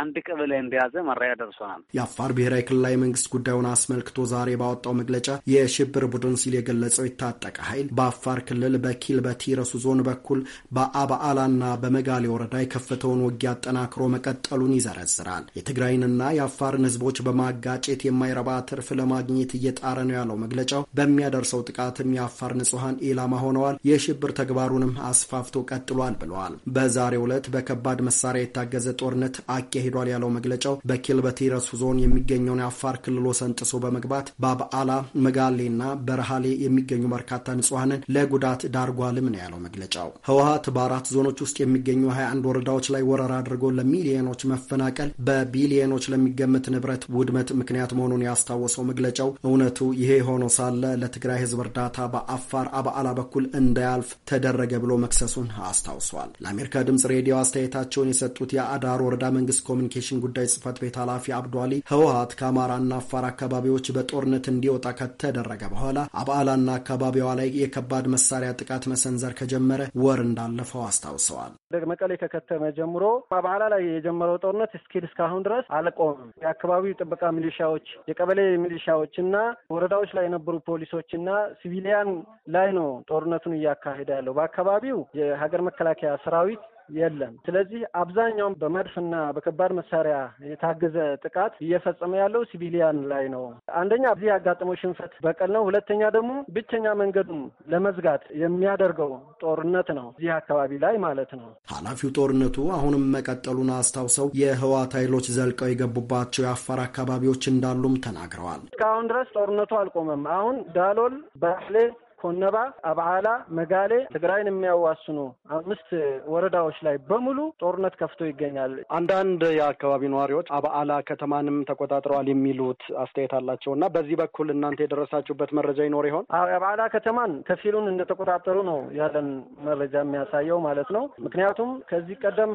አንድ ቀበሌ እንደያዘ መረጃ ደርሶናል። የአፋር ብሔራዊ ክልላዊ መንግስት ጉዳዩን አስመልክቶ ዛሬ ባወጣው መግለጫ የሽብር ቡድን ሲል የገለጸው ይታጠቃል የታጠቀ ኃይል በአፋር ክልል በኪልበቲ ረሱ ዞን በኩል በአባአላና በመጋሌ ወረዳ የከፈተውን ውጊያ አጠናክሮ መቀጠሉን ይዘረዝራል። የትግራይንና የአፋርን ህዝቦች በማጋጨት የማይረባ ትርፍ ለማግኘት እየጣረ ነው ያለው መግለጫው በሚያደርሰው ጥቃትም የአፋር ንጹሐን ኢላማ ሆነዋል፣ የሽብር ተግባሩንም አስፋፍቶ ቀጥሏል ብለዋል። በዛሬው ዕለት በከባድ መሳሪያ የታገዘ ጦርነት አካሂዷል ያለው መግለጫው በኪልበቲ ረሱ ዞን የሚገኘውን የአፋር ክልል ሰንጥሶ በመግባት በአበዓላ መጋሌና በረሃሌ የሚገኙ በርካታ በርካታ ንጹሐንን ለጉዳት ዳርጓልም ነው ያለው መግለጫው። ህወሀት በአራት ዞኖች ውስጥ የሚገኙ 21 ወረዳዎች ላይ ወረራ አድርጎ ለሚሊዮኖች መፈናቀል፣ በቢሊዮኖች ለሚገመት ንብረት ውድመት ምክንያት መሆኑን ያስታወሰው መግለጫው እውነቱ ይሄ ሆኖ ሳለ ለትግራይ ህዝብ እርዳታ በአፋር አባዓላ በኩል እንዳያልፍ ተደረገ ብሎ መክሰሱን አስታውሷል። ለአሜሪካ ድምጽ ሬዲዮ አስተያየታቸውን የሰጡት የአዳር ወረዳ መንግስት ኮሚኒኬሽን ጉዳይ ጽህፈት ቤት ኃላፊ አብዱ አሊ ህወሀት ከአማራና አፋር አካባቢዎች በጦርነት እንዲወጣ ከተደረገ በኋላ አባዓላና አካባቢዋ ላይ የከባድ መሳሪያ ጥቃት መሰንዘር ከጀመረ ወር እንዳለፈው አስታውሰዋል። መቀሌ ከከተመ ጀምሮ በኋላ ላይ የጀመረው ጦርነት እስኪል እስካሁን ድረስ አልቆምም። የአካባቢው ጥበቃ ሚሊሻዎች፣ የቀበሌ ሚሊሻዎች እና ወረዳዎች ላይ የነበሩ ፖሊሶች እና ሲቪሊያን ላይ ነው ጦርነቱን እያካሄደ ያለው። በአካባቢው የሀገር መከላከያ ሰራዊት የለም። ስለዚህ አብዛኛውን በመድፍና በከባድ መሳሪያ የታገዘ ጥቃት እየፈጸመ ያለው ሲቪሊያን ላይ ነው። አንደኛ እዚህ ያጋጠመው ሽንፈት በቀል ነው። ሁለተኛ ደግሞ ብቸኛ መንገዱን ለመዝጋት የሚያደርገው ጦርነት ነው፣ እዚህ አካባቢ ላይ ማለት ነው። ኃላፊው ጦርነቱ አሁንም መቀጠሉን አስታውሰው የህዋት ኃይሎች ዘልቀው የገቡባቸው የአፋር አካባቢዎች እንዳሉም ተናግረዋል። እስካሁን ድረስ ጦርነቱ አልቆመም። አሁን ዳሎል፣ ባሌ ኮነባ፣ አብዓላ፣ መጋሌ ትግራይን የሚያዋስኑ አምስት ወረዳዎች ላይ በሙሉ ጦርነት ከፍቶ ይገኛል። አንዳንድ የአካባቢ ነዋሪዎች አብዓላ ከተማንም ተቆጣጥረዋል የሚሉት አስተያየት አላቸው እና በዚህ በኩል እናንተ የደረሳችሁበት መረጃ ይኖር ይሆን? የአብዓላ ከተማን ከፊሉን እንደተቆጣጠሩ ነው ያለን መረጃ የሚያሳየው ማለት ነው። ምክንያቱም ከዚህ ቀደም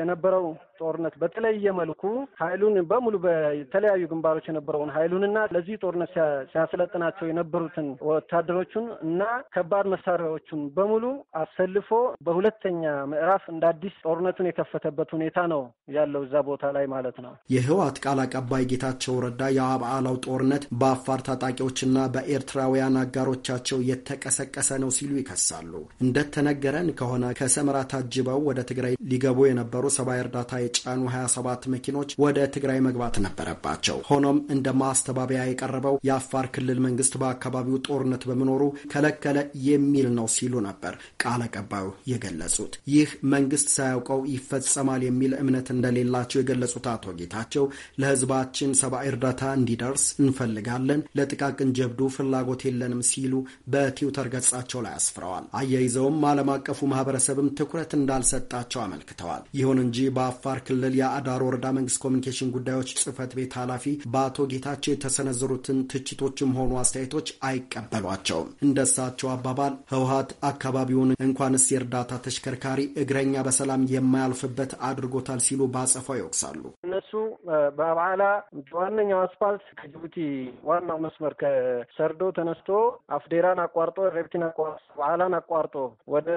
የነበረው ጦርነት በተለየ መልኩ ኃይሉን በሙሉ በተለያዩ ግንባሮች የነበረውን ኃይሉንና ለዚህ ጦርነት ሲያሰለጥናቸው የነበሩትን ወታደሮቹን እና ከባድ መሳሪያዎቹን በሙሉ አሰልፎ በሁለተኛ ምዕራፍ እንደ አዲስ ጦርነቱን የከፈተበት ሁኔታ ነው ያለው እዛ ቦታ ላይ ማለት ነው። የህወሓት ቃል አቀባይ ጌታቸው ረዳ የአብዓላው ጦርነት በአፋር ታጣቂዎችና በኤርትራውያን አጋሮቻቸው የተቀሰቀሰ ነው ሲሉ ይከሳሉ። እንደተነገረን ከሆነ ከሰመራ ታጅበው ወደ ትግራይ ሊገቡ የነበሩ ሰብአዊ እርዳታ የጫኑ 27 መኪኖች ወደ ትግራይ መግባት ነበረባቸው። ሆኖም እንደ ማስተባበያ የቀረበው የአፋር ክልል መንግስት በአካባቢው ጦርነት በመኖሩ ከለከለ የሚል ነው ሲሉ ነበር ቃል አቀባዩ የገለጹት። ይህ መንግስት ሳያውቀው ይፈጸማል የሚል እምነት እንደሌላቸው የገለጹት አቶ ጌታቸው ለህዝባችን ሰብአዊ እርዳታ እንዲደርስ እንፈልጋለን፣ ለጥቃቅን ጀብዱ ፍላጎት የለንም ሲሉ በትዊተር ገጻቸው ላይ አስፍረዋል። አያይዘውም ዓለም አቀፉ ማህበረሰብም ትኩረት እንዳልሰጣቸው አመልክተዋል። ይሁን እንጂ በአፋር በአፋር ክልል የአዳር ወረዳ መንግስት ኮሚኒኬሽን ጉዳዮች ጽህፈት ቤት ኃላፊ በአቶ ጌታቸው የተሰነዘሩትን ትችቶችም ሆኑ አስተያየቶች አይቀበሏቸውም። እንደሳቸው አባባል ህወሀት አካባቢውን እንኳንስ የእርዳታ ተሽከርካሪ እግረኛ በሰላም የማያልፍበት አድርጎታል ሲሉ በአጸፋው ይወቅሳሉ። እነሱ በአብዓላ ዋነኛው አስፋልት ከጅቡቲ ዋናው መስመር ከሰርዶ ተነስቶ አፍዴራን አቋርጦ ረብቲን አቋርጦ አብዓላን አቋርጦ ወደ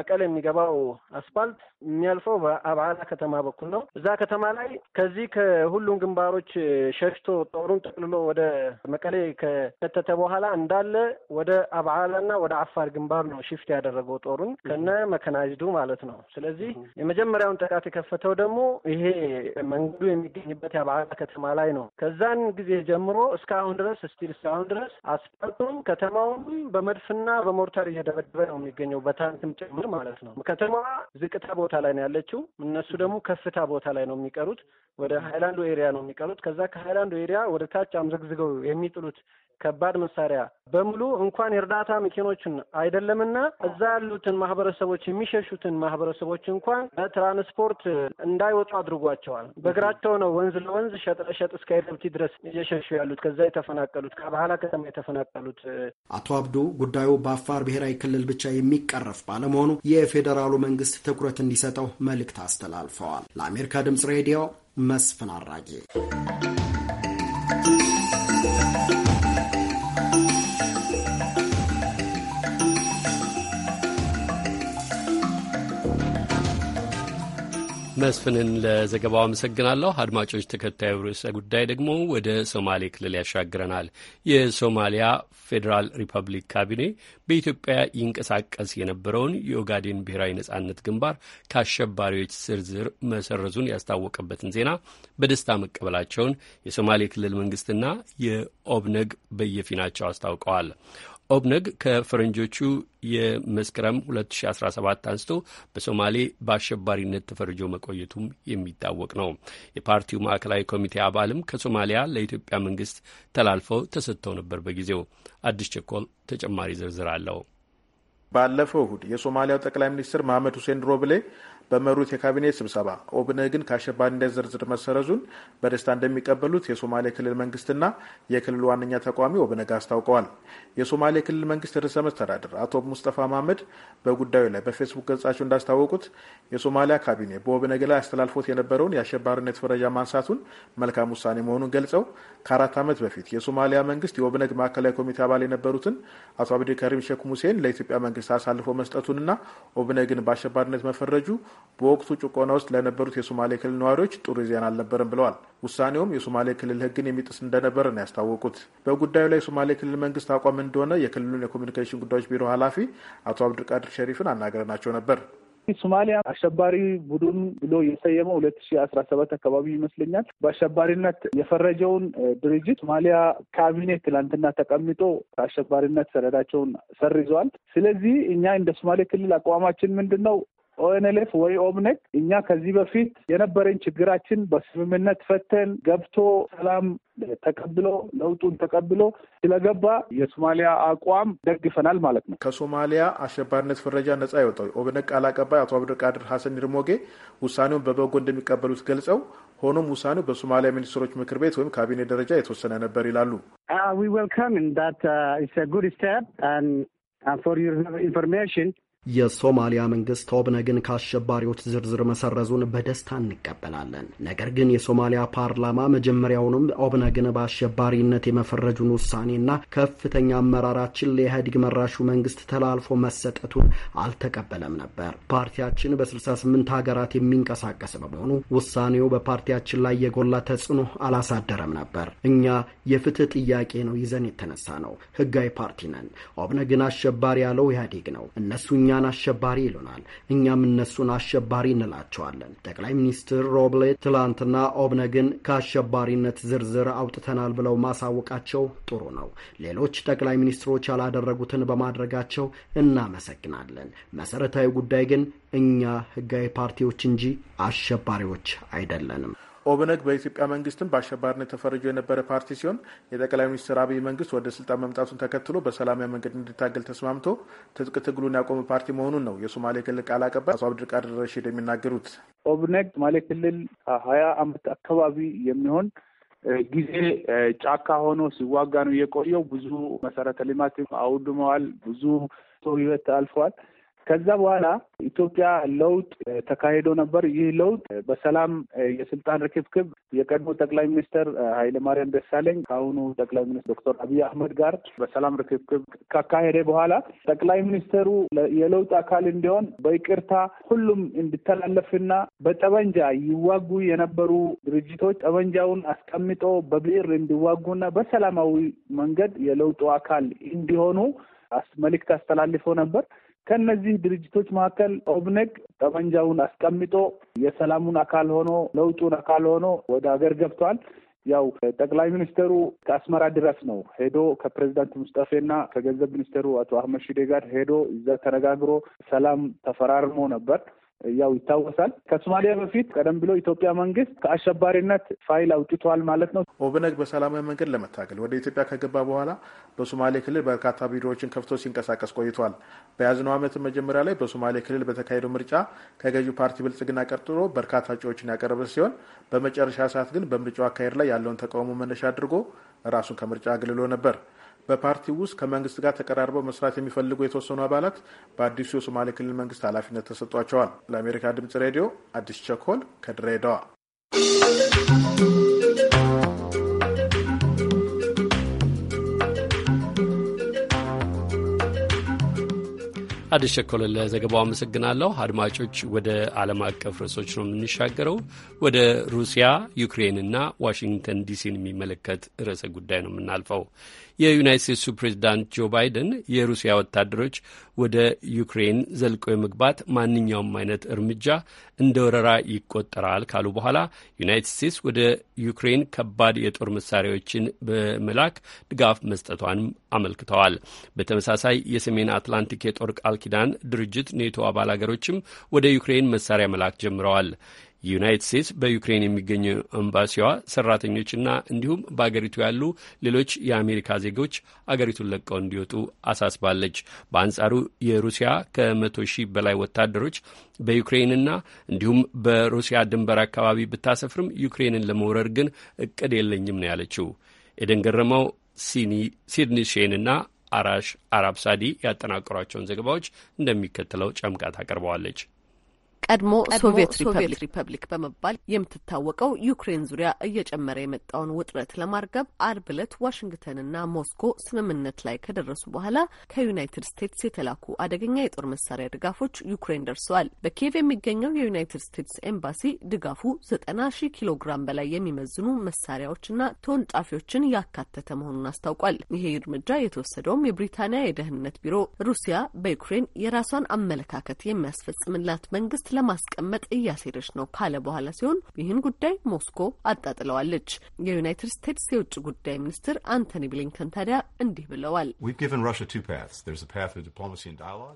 መቀሌ የሚገባው አስፋልት የሚያልፈው በአብዓላ ከተማ በኩል ነው። እዛ ከተማ ላይ ከዚህ ከሁሉም ግንባሮች ሸሽቶ ጦሩን ጠቅልሎ ወደ መቀሌ ከከተተ በኋላ እንዳለ ወደ አብዓላና ወደ አፋር ግንባር ነው ሽፍት ያደረገው ጦሩን ከነ መከናጅዱ ማለት ነው። ስለዚህ የመጀመሪያውን ጥቃት የከፈተው ደግሞ ይሄ መንገዱ የሚገኝበት የአብዓላ ከተማ ላይ ነው። ከዛን ጊዜ ጀምሮ እስካሁን ድረስ እስቲል እስካሁን ድረስ አስፓልቱም ከተማውም በመድፍና በሞርታር እየደበደበ ነው የሚገኘው በታንክም ጭምር ማለት ነው። ከተማዋ ዝቅታ ቦታ ላይ ነው ያለችው። እነሱ ደግሞ ከፍ ከፍታ ቦታ ላይ ነው የሚቀሩት። ወደ ሃይላንዶ ኤሪያ ነው የሚቀሩት። ከዛ ከሃይላንዶ ኤሪያ ወደ ታች አምዘግዝገው የሚጥሉት ከባድ መሳሪያ በሙሉ እንኳን የእርዳታ መኪኖችን አይደለምና እዛ ያሉትን ማህበረሰቦች የሚሸሹትን ማህበረሰቦች እንኳን በትራንስፖርት እንዳይወጡ አድርጓቸዋል። በእግራቸው ነው ወንዝ ለወንዝ ሸጥ ለሸጥ እስከ ኤረብቲ ድረስ እየሸሹ ያሉት ከዛ የተፈናቀሉት ከባህላ ከተማ የተፈናቀሉት። አቶ አብዶ ጉዳዩ በአፋር ብሔራዊ ክልል ብቻ የሚቀረፍ ባለመሆኑ የፌዴራሉ መንግስት ትኩረት እንዲሰጠው መልእክት አስተላልፈዋል። ለአሜሪካ ድምጽ ሬዲዮ መስፍን አራጌ መስፍንን ለዘገባው አመሰግናለሁ። አድማጮች፣ ተከታዩ ርዕሰ ጉዳይ ደግሞ ወደ ሶማሌ ክልል ያሻግረናል። የሶማሊያ ፌዴራል ሪፐብሊክ ካቢኔ በኢትዮጵያ ይንቀሳቀስ የነበረውን የኦጋዴን ብሔራዊ ነጻነት ግንባር ከአሸባሪዎች ዝርዝር መሰረዙን ያስታወቀበትን ዜና በደስታ መቀበላቸውን የሶማሌ ክልል መንግስትና የኦብነግ በየፊናቸው አስታውቀዋል። ኦብነግ ከፈረንጆቹ የመስከረም 2017 አንስቶ በሶማሌ በአሸባሪነት ተፈርጆ መቆየቱም የሚታወቅ ነው። የፓርቲው ማዕከላዊ ኮሚቴ አባልም ከሶማሊያ ለኢትዮጵያ መንግስት ተላልፈው ተሰጥተው ነበር። በጊዜው አዲስ ቸኮል ተጨማሪ ዝርዝር አለው። ባለፈው እሁድ የሶማሊያው ጠቅላይ ሚኒስትር መሐመድ ሁሴን ድሮብሌ በመሩት የካቢኔት ስብሰባ ኦብነግን ከአሸባሪነት ዝርዝር መሰረዙን በደስታ እንደሚቀበሉት የሶማሌ ክልል መንግስትና የክልሉ ዋነኛ ተቋሚ ኦብነግ አስታውቀዋል። የሶማሌ ክልል መንግስት ርዕሰ መስተዳድር አቶ ሙስጠፋ ማህመድ በጉዳዩ ላይ በፌስቡክ ገጻቸው እንዳስታወቁት የሶማሊያ ካቢኔ በኦብነግ ላይ አስተላልፎት የነበረውን የአሸባሪነት ፍረጃ ማንሳቱን መልካም ውሳኔ መሆኑን ገልጸው ከአራት ዓመት በፊት የሶማሊያ መንግስት የኦብነግ ማዕከላዊ ኮሚቴ አባል የነበሩትን አቶ ከሪም ሼክ ሙሴን ለኢትዮጵያ መንግስት አሳልፎ መስጠቱንና ኦብነግን በአሸባሪነት መፈረጁ በወቅቱ ጭቆና ውስጥ ለነበሩት የሶማሌ ክልል ነዋሪዎች ጥሩ ዜና አልነበረም ብለዋል። ውሳኔውም የሶማሌ ክልል ህግን የሚጥስ እንደነበር ነው ያስታወቁት። በጉዳዩ ላይ የሶማሌ ክልል መንግስት አቋም እንደሆነ የክልሉን የኮሚኒኬሽን ጉዳዮች ቢሮ ኃላፊ አቶ አብዱልቃድር ሸሪፍን አናገርናቸው ነበር። ሶማሊያ አሸባሪ ቡድን ብሎ የሰየመው ሁለት ሺ አስራ ሰባት አካባቢ ይመስለኛል በአሸባሪነት የፈረጀውን ድርጅት ሶማሊያ ካቢኔ ትላንትና ተቀምጦ ከአሸባሪነት ሰነዳቸውን ሰርዘዋል። ስለዚህ እኛ እንደ ሶማሌ ክልል አቋማችን ምንድን ነው? ኦኤንኤልኤፍ ወይ ኦብኔክ እኛ ከዚህ በፊት የነበረን ችግራችን በስምምነት ፈተን ገብቶ ሰላም ተቀብሎ ለውጡን ተቀብሎ ስለገባ የሶማሊያ አቋም ደግፈናል ማለት ነው። ከሶማሊያ አሸባሪነት ፍረጃ ነጻ የወጣው ኦብነቅ ቃል አቀባይ አቶ አብዱልቃድር ሀሰን ርሞጌ ውሳኔውን በበጎ እንደሚቀበሉት ገልጸው ሆኖም ውሳኔው በሶማሊያ ሚኒስትሮች ምክር ቤት ወይም ካቢኔ ደረጃ የተወሰነ ነበር ይላሉ። ዌልካም ኢን ኢትስ ጉድ ስቴፕ ኢንፎርሜሽን የሶማሊያ መንግስት ኦብነግን ከአሸባሪዎች ዝርዝር መሰረዙን በደስታ እንቀበላለን። ነገር ግን የሶማሊያ ፓርላማ መጀመሪያውንም ኦብነግን በአሸባሪነት የመፈረጁን ውሳኔና ከፍተኛ አመራራችን ለኢህአዴግ መራሹ መንግስት ተላልፎ መሰጠቱን አልተቀበለም ነበር። ፓርቲያችን በ68 ሀገራት የሚንቀሳቀስ በመሆኑ ውሳኔው በፓርቲያችን ላይ የጎላ ተጽዕኖ አላሳደረም ነበር። እኛ የፍትህ ጥያቄ ነው ይዘን የተነሳ ነው። ህጋዊ ፓርቲ ነን። ኦብነግን አሸባሪ ያለው ኢህአዴግ ነው። እነሱኛ እኛን አሸባሪ ይሉናል፣ እኛም እነሱን አሸባሪ እንላቸዋለን። ጠቅላይ ሚኒስትር ሮብሌ ትላንትና ኦብነግን ከአሸባሪነት ዝርዝር አውጥተናል ብለው ማሳወቃቸው ጥሩ ነው። ሌሎች ጠቅላይ ሚኒስትሮች ያላደረጉትን በማድረጋቸው እናመሰግናለን። መሰረታዊ ጉዳይ ግን እኛ ህጋዊ ፓርቲዎች እንጂ አሸባሪዎች አይደለንም። ኦብነግ በኢትዮጵያ መንግስትም በአሸባሪነት ተፈርጆ የነበረ ፓርቲ ሲሆን የጠቅላይ ሚኒስትር አብይ መንግስት ወደ ስልጣን መምጣቱን ተከትሎ በሰላማዊ መንገድ እንዲታገል ተስማምቶ ትጥቅ ትግሉን ያቆመ ፓርቲ መሆኑን ነው የሶማሌ ክልል ቃል አቀባይ አቶ አብድልቃድር ረሺድ የሚናገሩት። ኦብነግ ሶማሌ ክልል ሀያ አመት አካባቢ የሚሆን ጊዜ ጫካ ሆኖ ሲዋጋ ነው የቆየው። ብዙ መሰረተ ልማትም አውድመዋል። ብዙ ሰው ህይወት አልፈዋል። ከዛ በኋላ ኢትዮጵያ ለውጥ ተካሂዶ ነበር። ይህ ለውጥ በሰላም የስልጣን ርክብክብ የቀድሞ ጠቅላይ ሚኒስትር ኃይለማርያም ደሳለኝ ከአሁኑ ጠቅላይ ሚኒስትር ዶክተር አብይ አህመድ ጋር በሰላም ርክብክብ ካካሄደ በኋላ ጠቅላይ ሚኒስትሩ የለውጥ አካል እንዲሆን በይቅርታ ሁሉም እንዲተላለፍና በጠበንጃ ይዋጉ የነበሩ ድርጅቶች ጠበንጃውን አስቀምጦ በብዕር እንዲዋጉና በሰላማዊ መንገድ የለውጡ አካል እንዲሆኑ መልእክት አስተላልፎ ነበር። ከነዚህ ድርጅቶች መካከል ኦብነግ ጠመንጃውን አስቀምጦ የሰላሙን አካል ሆኖ ለውጡን አካል ሆኖ ወደ ሀገር ገብቷል። ያው ጠቅላይ ሚኒስትሩ ከአስመራ ድረስ ነው ሄዶ ከፕሬዚዳንት ሙስጠፌና ከገንዘብ ሚኒስትሩ አቶ አህመድ ሺዴ ጋር ሄዶ እዛ ተነጋግሮ ሰላም ተፈራርሞ ነበር። ያው ይታወሳል። ከሶማሊያ በፊት ቀደም ብሎ ኢትዮጵያ መንግስት ከአሸባሪነት ፋይል አውጥቷል ማለት ነው። ኦብነግ በሰላማዊ መንገድ ለመታገል ወደ ኢትዮጵያ ከገባ በኋላ በሶማሌ ክልል በርካታ ቢሮዎችን ከፍቶ ሲንቀሳቀስ ቆይቷል። በያዝነው ዓመት መጀመሪያ ላይ በሶማሌ ክልል በተካሄደው ምርጫ ከገዢው ፓርቲ ብልጽግና ቀጥሎ በርካታ እጩዎችን ያቀረበ ሲሆን በመጨረሻ ሰዓት ግን በምርጫው አካሄድ ላይ ያለውን ተቃውሞ መነሻ አድርጎ ራሱን ከምርጫ አግልሎ ነበር። በፓርቲው ውስጥ ከመንግስት ጋር ተቀራርበው መስራት የሚፈልጉ የተወሰኑ አባላት በአዲሱ የሶማሌ ክልል መንግስት ኃላፊነት ተሰጧቸዋል። ለአሜሪካ ድምጽ ሬዲዮ አዲስ ቸኮል ከድሬዳዋ። አዲስ ቸኮል ለዘገባው አመሰግናለሁ። አድማጮች፣ ወደ ዓለም አቀፍ ርዕሶች ነው የምንሻገረው። ወደ ሩሲያ ዩክሬንና ዋሽንግተን ዲሲን የሚመለከት ርዕሰ ጉዳይ ነው የምናልፈው። የዩናይት ስቴትሱ ፕሬዚዳንት ጆ ባይደን የሩሲያ ወታደሮች ወደ ዩክሬን ዘልቆ የመግባት ማንኛውም አይነት እርምጃ እንደ ወረራ ይቆጠራል ካሉ በኋላ ዩናይትድ ስቴትስ ወደ ዩክሬን ከባድ የጦር መሳሪያዎችን በመላክ ድጋፍ መስጠቷንም አመልክተዋል። በተመሳሳይ የሰሜን አትላንቲክ የጦር ቃል ኪዳን ድርጅት ኔቶ አባል አገሮችም ወደ ዩክሬን መሳሪያ መላክ ጀምረዋል። ዩናይትድ ስቴትስ በዩክሬን የሚገኙ ኤምባሲዋ ሰራተኞችና እንዲሁም በአገሪቱ ያሉ ሌሎች የአሜሪካ ዜጎች አገሪቱን ለቀው እንዲወጡ አሳስባለች። በአንጻሩ የሩሲያ ከመቶ ሺህ በላይ ወታደሮች በዩክሬንና እንዲሁም በሩሲያ ድንበር አካባቢ ብታሰፍርም ዩክሬንን ለመውረር ግን እቅድ የለኝም ነው ያለችው። ኤደን ገረመው ሲድኒ ሼንና አራሽ አራብሳዲ ያጠናቀሯቸውን ዘገባዎች እንደሚከተለው ጨምቃ ታቀርበዋለች። ቀድሞ ሶቪየት ሪፐብሊክ በመባል የምትታወቀው ዩክሬን ዙሪያ እየጨመረ የመጣውን ውጥረት ለማርገብ አርብ ዕለት ዋሽንግተንና ሞስኮ ስምምነት ላይ ከደረሱ በኋላ ከዩናይትድ ስቴትስ የተላኩ አደገኛ የጦር መሳሪያ ድጋፎች ዩክሬን ደርሰዋል። በኪየቭ የሚገኘው የዩናይትድ ስቴትስ ኤምባሲ ድጋፉ ዘጠና ሺህ ኪሎ ግራም በላይ የሚመዝኑ መሳሪያዎችና ተወንጫፊዎችን ያካተተ መሆኑን አስታውቋል። ይሄ እርምጃ የተወሰደውም የብሪታንያ የደህንነት ቢሮ ሩሲያ በዩክሬን የራሷን አመለካከት የሚያስፈጽምላት መንግስት ለማስቀመጥ እያሴረች ነው ካለ በኋላ ሲሆን ይህን ጉዳይ ሞስኮ አጣጥለዋለች። የዩናይትድ ስቴትስ የውጭ ጉዳይ ሚኒስትር አንቶኒ ብሊንከን ታዲያ እንዲህ ብለዋል።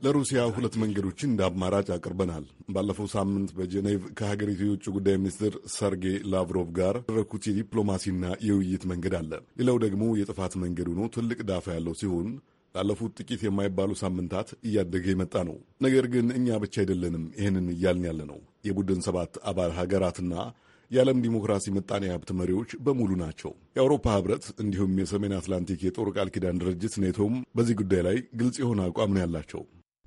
ለሩሲያ ሁለት መንገዶችን እንደ አማራጭ አቅርበናል። ባለፈው ሳምንት በጄኔቭ ከሀገሪቱ የውጭ ጉዳይ ሚኒስትር ሰርጌይ ላቭሮቭ ጋር ያደረኩት የዲፕሎማሲና የውይይት መንገድ አለ። ሌላው ደግሞ የጥፋት መንገድ ሆኖ ትልቅ ዳፋ ያለው ሲሆን ላለፉት ጥቂት የማይባሉ ሳምንታት እያደገ የመጣ ነው። ነገር ግን እኛ ብቻ አይደለንም ይህንን እያልን ያለ ነው። የቡድን ሰባት አባል ሀገራትና የዓለም ዲሞክራሲ ምጣኔ ሀብት መሪዎች በሙሉ ናቸው። የአውሮፓ ህብረት እንዲሁም የሰሜን አትላንቲክ የጦር ቃል ኪዳን ድርጅት ኔቶም በዚህ ጉዳይ ላይ ግልጽ የሆነ አቋም ነው ያላቸው።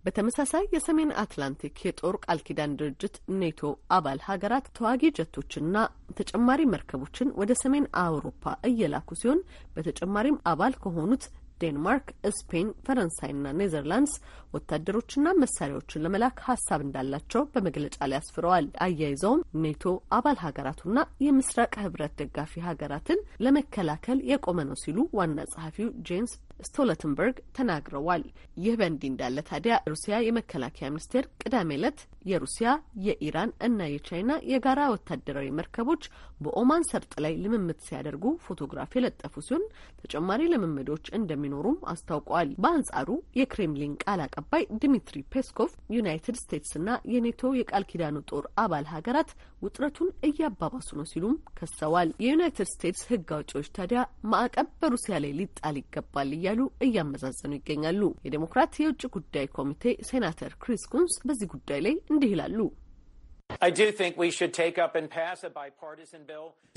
በተመሳሳይ የሰሜን አትላንቲክ የጦር ቃል ኪዳን ድርጅት ኔቶ አባል ሀገራት ተዋጊ ጀቶችና ተጨማሪ መርከቦችን ወደ ሰሜን አውሮፓ እየላኩ ሲሆን በተጨማሪም አባል ከሆኑት ዴንማርክ፣ ስፔን፣ ፈረንሳይና ኔዘርላንድስ ወታደሮችና መሳሪያዎችን ለመላክ ሀሳብ እንዳላቸው በመግለጫ ላይ አስፍረዋል። አያይዘውም ኔቶ አባል ሀገራቱና የምስራቅ ህብረት ደጋፊ ሀገራትን ለመከላከል የቆመ ነው ሲሉ ዋና ጸሐፊው ጄምስ ስቶለትንበርግ ተናግረዋል። ይህ በእንዲህ እንዳለ ታዲያ ሩሲያ የመከላከያ ሚኒስቴር ቅዳሜ ዕለት የሩሲያ የኢራን እና የቻይና የጋራ ወታደራዊ መርከቦች በኦማን ሰርጥ ላይ ልምምድ ሲያደርጉ ፎቶግራፍ የለጠፉ ሲሆን ተጨማሪ ልምምዶች እንደሚኖሩም አስታውቀዋል። በአንጻሩ የክሬምሊን ቃል አቀባይ ድሚትሪ ፔስኮቭ ዩናይትድ ስቴትስ እና የኔቶ የቃል ኪዳኑ ጦር አባል ሀገራት ውጥረቱን እያባባሱ ነው ሲሉም ከሰዋል። የዩናይትድ ስቴትስ ሕግ አውጪዎች ታዲያ ማዕቀብ በሩሲያ ላይ ሊጣል ይገባል እያሉ እያመዛዘኑ ይገኛሉ። የዴሞክራት የውጭ ጉዳይ ኮሚቴ ሴናተር ክሪስ ኩንስ በዚህ ጉዳይ ላይ እንዲህ ይላሉ።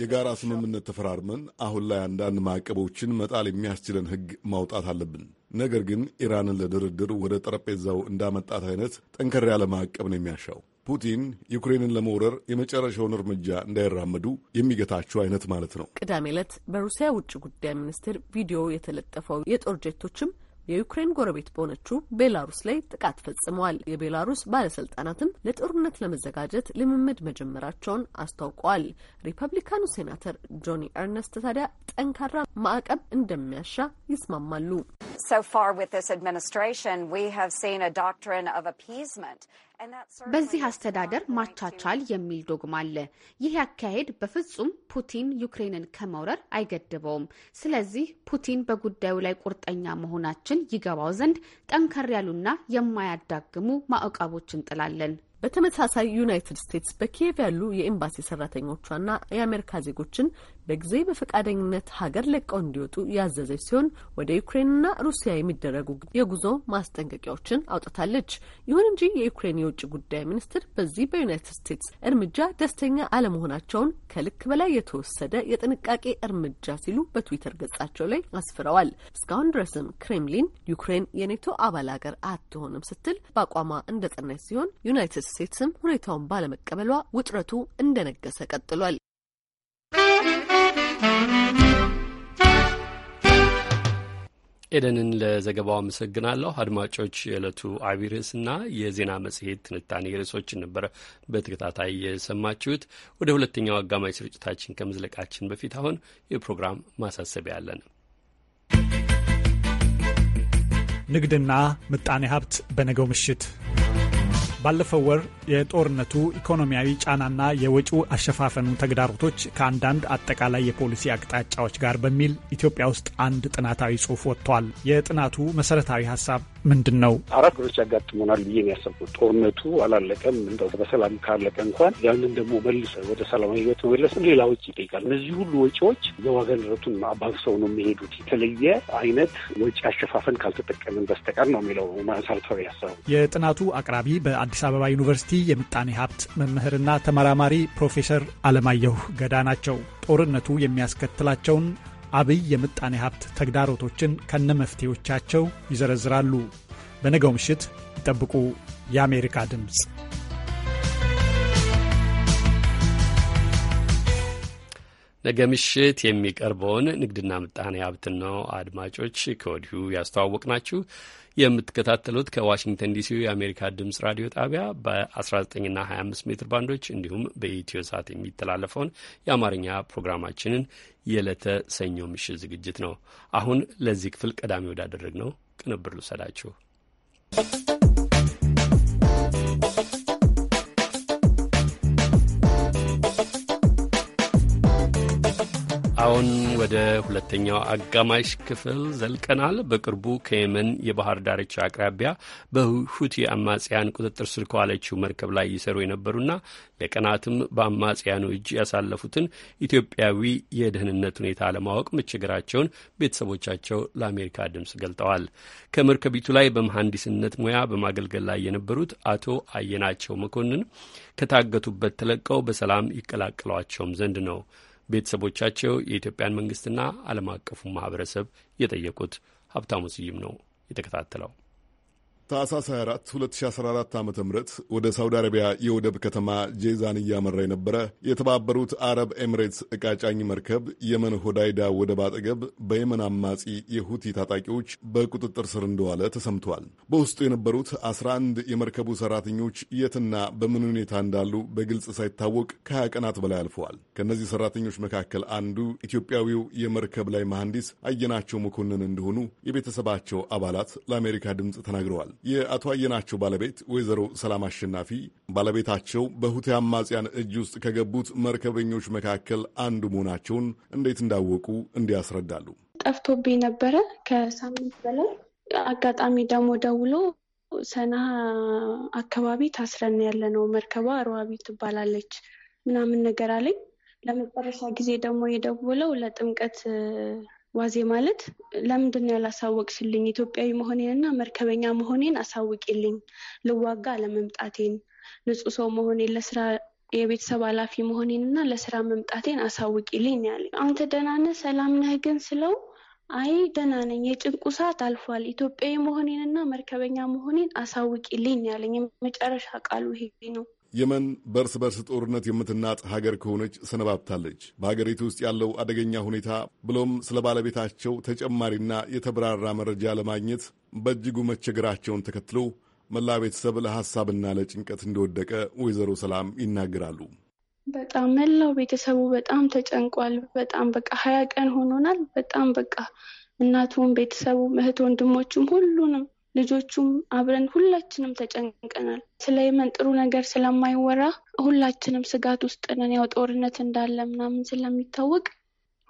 የጋራ ስምምነት ተፈራርመን አሁን ላይ አንዳንድ ማዕቀቦችን መጣል የሚያስችለን ሕግ ማውጣት አለብን። ነገር ግን ኢራንን ለድርድር ወደ ጠረጴዛው እንዳመጣት አይነት ጠንከር ያለ ማዕቀብ ነው የሚያሻው። ፑቲን ዩክሬንን ለመውረር የመጨረሻውን እርምጃ እንዳይራመዱ የሚገታቸው አይነት ማለት ነው። ቅዳሜ ዕለት በሩሲያ ውጭ ጉዳይ ሚኒስቴር ቪዲዮ የተለጠፈው የጦር ጀቶችም የዩክሬን ጎረቤት በሆነችው ቤላሩስ ላይ ጥቃት ፈጽመዋል። የቤላሩስ ባለስልጣናትም ለጦርነት ለመዘጋጀት ልምምድ መጀመራቸውን አስታውቀዋል። ሪፐብሊካኑ ሴናተር ጆኒ ኤርነስት ታዲያ ጠንካራ ማዕቀብ እንደሚያሻ ይስማማሉ። በዚህ አስተዳደር ማቻቻል የሚል ዶግማ አለ። ይህ አካሄድ በፍጹም ፑቲን ዩክሬንን ከመውረር አይገድበውም። ስለዚህ ፑቲን በጉዳዩ ላይ ቁርጠኛ መሆናችን ይገባው ዘንድ ጠንከር ያሉና የማያዳግሙ ማዕቀቦች እንጥላለን። በተመሳሳይ ዩናይትድ ስቴትስ በኪየቭ ያሉ የኤምባሲ ሰራተኞቿና የአሜሪካ ዜጎችን በጊዜ በፈቃደኝነት ሀገር ለቀው እንዲወጡ ያዘዘች ሲሆን ወደ ዩክሬንና ሩሲያ የሚደረጉ የጉዞ ማስጠንቀቂያዎችን አውጥታለች። ይሁን እንጂ የዩክሬን የውጭ ጉዳይ ሚኒስትር በዚህ በዩናይትድ ስቴትስ እርምጃ ደስተኛ አለመሆናቸውን ከልክ በላይ የተወሰደ የጥንቃቄ እርምጃ ሲሉ በትዊተር ገጻቸው ላይ አስፍረዋል። እስካሁን ድረስም ክሬምሊን ዩክሬን የኔቶ አባል ሀገር አትሆንም ስትል በአቋሟ እንደጸናች ሲሆን ዩናይትድ ስቴትስም ሁኔታውን ባለመቀበሏ ውጥረቱ እንደነገሰ ቀጥሏል። ኤደንን ለዘገባው አመሰግናለሁ። አድማጮች፣ የዕለቱ አቢይ ርዕስና የዜና መጽሔት ትንታኔ ርዕሶችን ነበረ በተከታታይ የሰማችሁት። ወደ ሁለተኛው አጋማሽ ስርጭታችን ከመዝለቃችን በፊት አሁን የፕሮግራም ማሳሰቢያ አለን። ንግድና ምጣኔ ሀብት በነገው ምሽት ባለፈው ወር የጦርነቱ ኢኮኖሚያዊ ጫናና የወጪው አሸፋፈኑ ተግዳሮቶች ከአንዳንድ አጠቃላይ የፖሊሲ አቅጣጫዎች ጋር በሚል ኢትዮጵያ ውስጥ አንድ ጥናታዊ ጽሑፍ ወጥቷል። የጥናቱ መሰረታዊ ሀሳብ ምንድን ነው? አራት ነገሮች ያጋጥመናል ብዬ ነው ያሰብኩት። ጦርነቱ አላለቀም፣ እንደው በሰላም ካለቀ እንኳን ያንን ደግሞ መልሰ ወደ ሰላማዊ ህይወት መመለስም ሌላ ወጪ ይጠይቃል። እነዚህ ሁሉ ወጪዎች የዋጋ ንረቱን አባብሰው ነው የሚሄዱት። የተለየ አይነት ወጪ አሸፋፈን ካልተጠቀምን በስተቀር ነው የሚለው መሰረታዊ ሀሳብ የጥናቱ አቅራቢ በአዲስ በአዲስ አበባ ዩኒቨርሲቲ የምጣኔ ሀብት መምህርና ተመራማሪ ፕሮፌሰር አለማየሁ ገዳ ናቸው። ጦርነቱ የሚያስከትላቸውን አብይ የምጣኔ ሀብት ተግዳሮቶችን ከነመፍትሄዎቻቸው ይዘረዝራሉ። በነገው ምሽት ይጠብቁ። የአሜሪካ ድምፅ ነገ ምሽት የሚቀርበውን ንግድና ምጣኔ ሀብትን ነው አድማጮች ከወዲሁ ያስተዋወቅ ናችሁ። የምትከታተሉት ከዋሽንግተን ዲሲ የአሜሪካ ድምፅ ራዲዮ ጣቢያ በ19ና 25 ሜትር ባንዶች እንዲሁም በኢትዮ ሰዓት የሚተላለፈውን የአማርኛ ፕሮግራማችንን የዕለተ ሰኞ ምሽት ዝግጅት ነው። አሁን ለዚህ ክፍል ቀዳሚ ወዳደረግ ነው ቅንብር ልውሰዳችሁ። አሁን ወደ ሁለተኛው አጋማሽ ክፍል ዘልቀናል። በቅርቡ ከየመን የባህር ዳርቻ አቅራቢያ በሁቲ አማጽያን ቁጥጥር ስር ከዋለችው መርከብ ላይ ይሰሩ የነበሩና ለቀናትም በአማጽያኑ እጅ ያሳለፉትን ኢትዮጵያዊ የደህንነት ሁኔታ ለማወቅ መቸገራቸውን ቤተሰቦቻቸው ለአሜሪካ ድምፅ ገልጠዋል። ከመርከቢቱ ላይ በመሐንዲስነት ሙያ በማገልገል ላይ የነበሩት አቶ አየናቸው መኮንን ከታገቱበት ተለቀው በሰላም ይቀላቅሏቸውም ዘንድ ነው ቤተሰቦቻቸው የኢትዮጵያን መንግስትና ዓለም አቀፉ ማህበረሰብ የጠየቁት። ሀብታሙ ስዩም ነው የተከታተለው። ታህሳስ 24 2014 ዓ ም ወደ ሳውዲ አረቢያ የወደብ ከተማ ጄዛን እያመራ የነበረ የተባበሩት አረብ ኤሚሬትስ እቃጫኝ ጫኝ መርከብ የመን ሆዳይዳ ወደብ አጠገብ በየመን አማጺ የሁቲ ታጣቂዎች በቁጥጥር ስር እንደዋለ ተሰምቷል። በውስጡ የነበሩት 11 የመርከቡ ሰራተኞች የትና በምን ሁኔታ እንዳሉ በግልጽ ሳይታወቅ ከ20 ቀናት በላይ አልፈዋል። ከእነዚህ ሰራተኞች መካከል አንዱ ኢትዮጵያዊው የመርከብ ላይ መሐንዲስ አየናቸው መኮንን እንደሆኑ የቤተሰባቸው አባላት ለአሜሪካ ድምፅ ተናግረዋል። የአቶ አየናቸው ባለቤት ወይዘሮ ሰላም አሸናፊ ባለቤታቸው በሁቲ አማጽያን እጅ ውስጥ ከገቡት መርከበኞች መካከል አንዱ መሆናቸውን እንዴት እንዳወቁ እንዲያስረዳሉ። ጠፍቶብኝ ነበረ ከሳምንት በላይ አጋጣሚ ደግሞ ደውሎ ሰና አካባቢ ታስረን ያለ ነው መርከቧ ረዋቢ ትባላለች ምናምን ነገር አለኝ። ለመጨረሻ ጊዜ ደግሞ የደወለው ለጥምቀት ዋዜ ማለት ለምንድን ነው ያላሳወቅሽልኝ? ኢትዮጵያዊ መሆኔንና መርከበኛ መሆኔን አሳውቂልኝ፣ ልዋጋ አለመምጣቴን፣ ንጹህ ሰው መሆኔን፣ ለስራ የቤተሰብ ኃላፊ መሆኔንና ለስራ መምጣቴን አሳውቂልኝ ያለ። አንተ ደህና ነህ ሰላም ነህ ግን ስለው አይ ደህና ነኝ፣ የጭንቁ ሰዓት አልፏል። ኢትዮጵያዊ መሆኔንና መርከበኛ መሆኔን አሳውቂልኝ ያለኝ የመጨረሻ ቃሉ ይሄ ነው። የመን በእርስ በርስ ጦርነት የምትናጥ ሀገር ከሆነች ሰነባብታለች። በሀገሪቱ ውስጥ ያለው አደገኛ ሁኔታ ብሎም ስለ ባለቤታቸው ተጨማሪና የተብራራ መረጃ ለማግኘት በእጅጉ መቸገራቸውን ተከትሎ መላ ቤተሰብ ለሀሳብና ለጭንቀት እንደወደቀ ወይዘሮ ሰላም ይናገራሉ። በጣም መላው ቤተሰቡ በጣም ተጨንቋል። በጣም በቃ ሀያ ቀን ሆኖናል። በጣም በቃ እናቱም ቤተሰቡ እህት ወንድሞቹም ሁሉንም ልጆቹም አብረን ሁላችንም ተጨንቀናል። ስለ የመን ጥሩ ነገር ስለማይወራ ሁላችንም ስጋት ውስጥ ነን። ያው ጦርነት እንዳለ ምናምን ስለሚታወቅ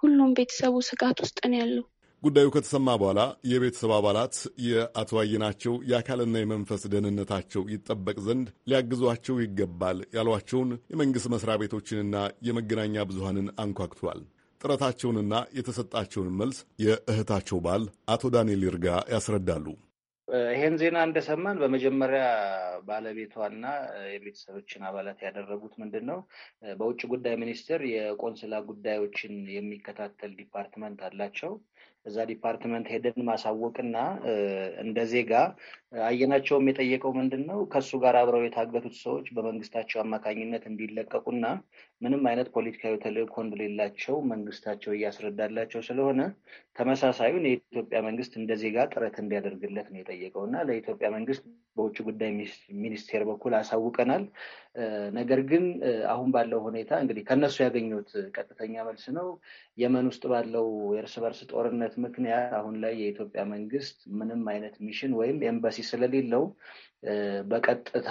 ሁሉም ቤተሰቡ ስጋት ውስጥ ነው ያለው። ጉዳዩ ከተሰማ በኋላ የቤተሰብ አባላት የአቶ አየናቸው የአካልና የመንፈስ ደህንነታቸው ይጠበቅ ዘንድ ሊያግዟቸው ይገባል ያሏቸውን የመንግሥት መስሪያ ቤቶችንና የመገናኛ ብዙሃንን አንኳክቷል። ጥረታቸውንና የተሰጣቸውን መልስ የእህታቸው ባል አቶ ዳንኤል ይርጋ ያስረዳሉ። ይሄን ዜና እንደሰማን በመጀመሪያ ባለቤቷና የቤተሰቦችን አባላት ያደረጉት ምንድን ነው፣ በውጭ ጉዳይ ሚኒስቴር የቆንስላ ጉዳዮችን የሚከታተል ዲፓርትመንት አላቸው። እዛ ዲፓርትመንት ሄደን ማሳወቅና እንደ ዜጋ አየናቸውም የጠየቀው ምንድን ነው ከእሱ ጋር አብረው የታገቱት ሰዎች በመንግስታቸው አማካኝነት እንዲለቀቁና ምንም አይነት ፖለቲካዊ ተልእኮ እንደሌላቸው መንግስታቸው እያስረዳላቸው ስለሆነ ተመሳሳዩን የኢትዮጵያ መንግስት እንደ ዜጋ ጥረት እንዲያደርግለት ነው የጠየቀው እና ለኢትዮጵያ መንግስት በውጭ ጉዳይ ሚኒስቴር በኩል አሳውቀናል። ነገር ግን አሁን ባለው ሁኔታ እንግዲህ ከነሱ ያገኙት ቀጥተኛ መልስ ነው የመን ውስጥ ባለው የእርስ በርስ ጦርነት ምክንያት አሁን ላይ የኢትዮጵያ መንግስት ምንም አይነት ሚሽን ወይም ኤምባሲ ስለሌለው በቀጥታ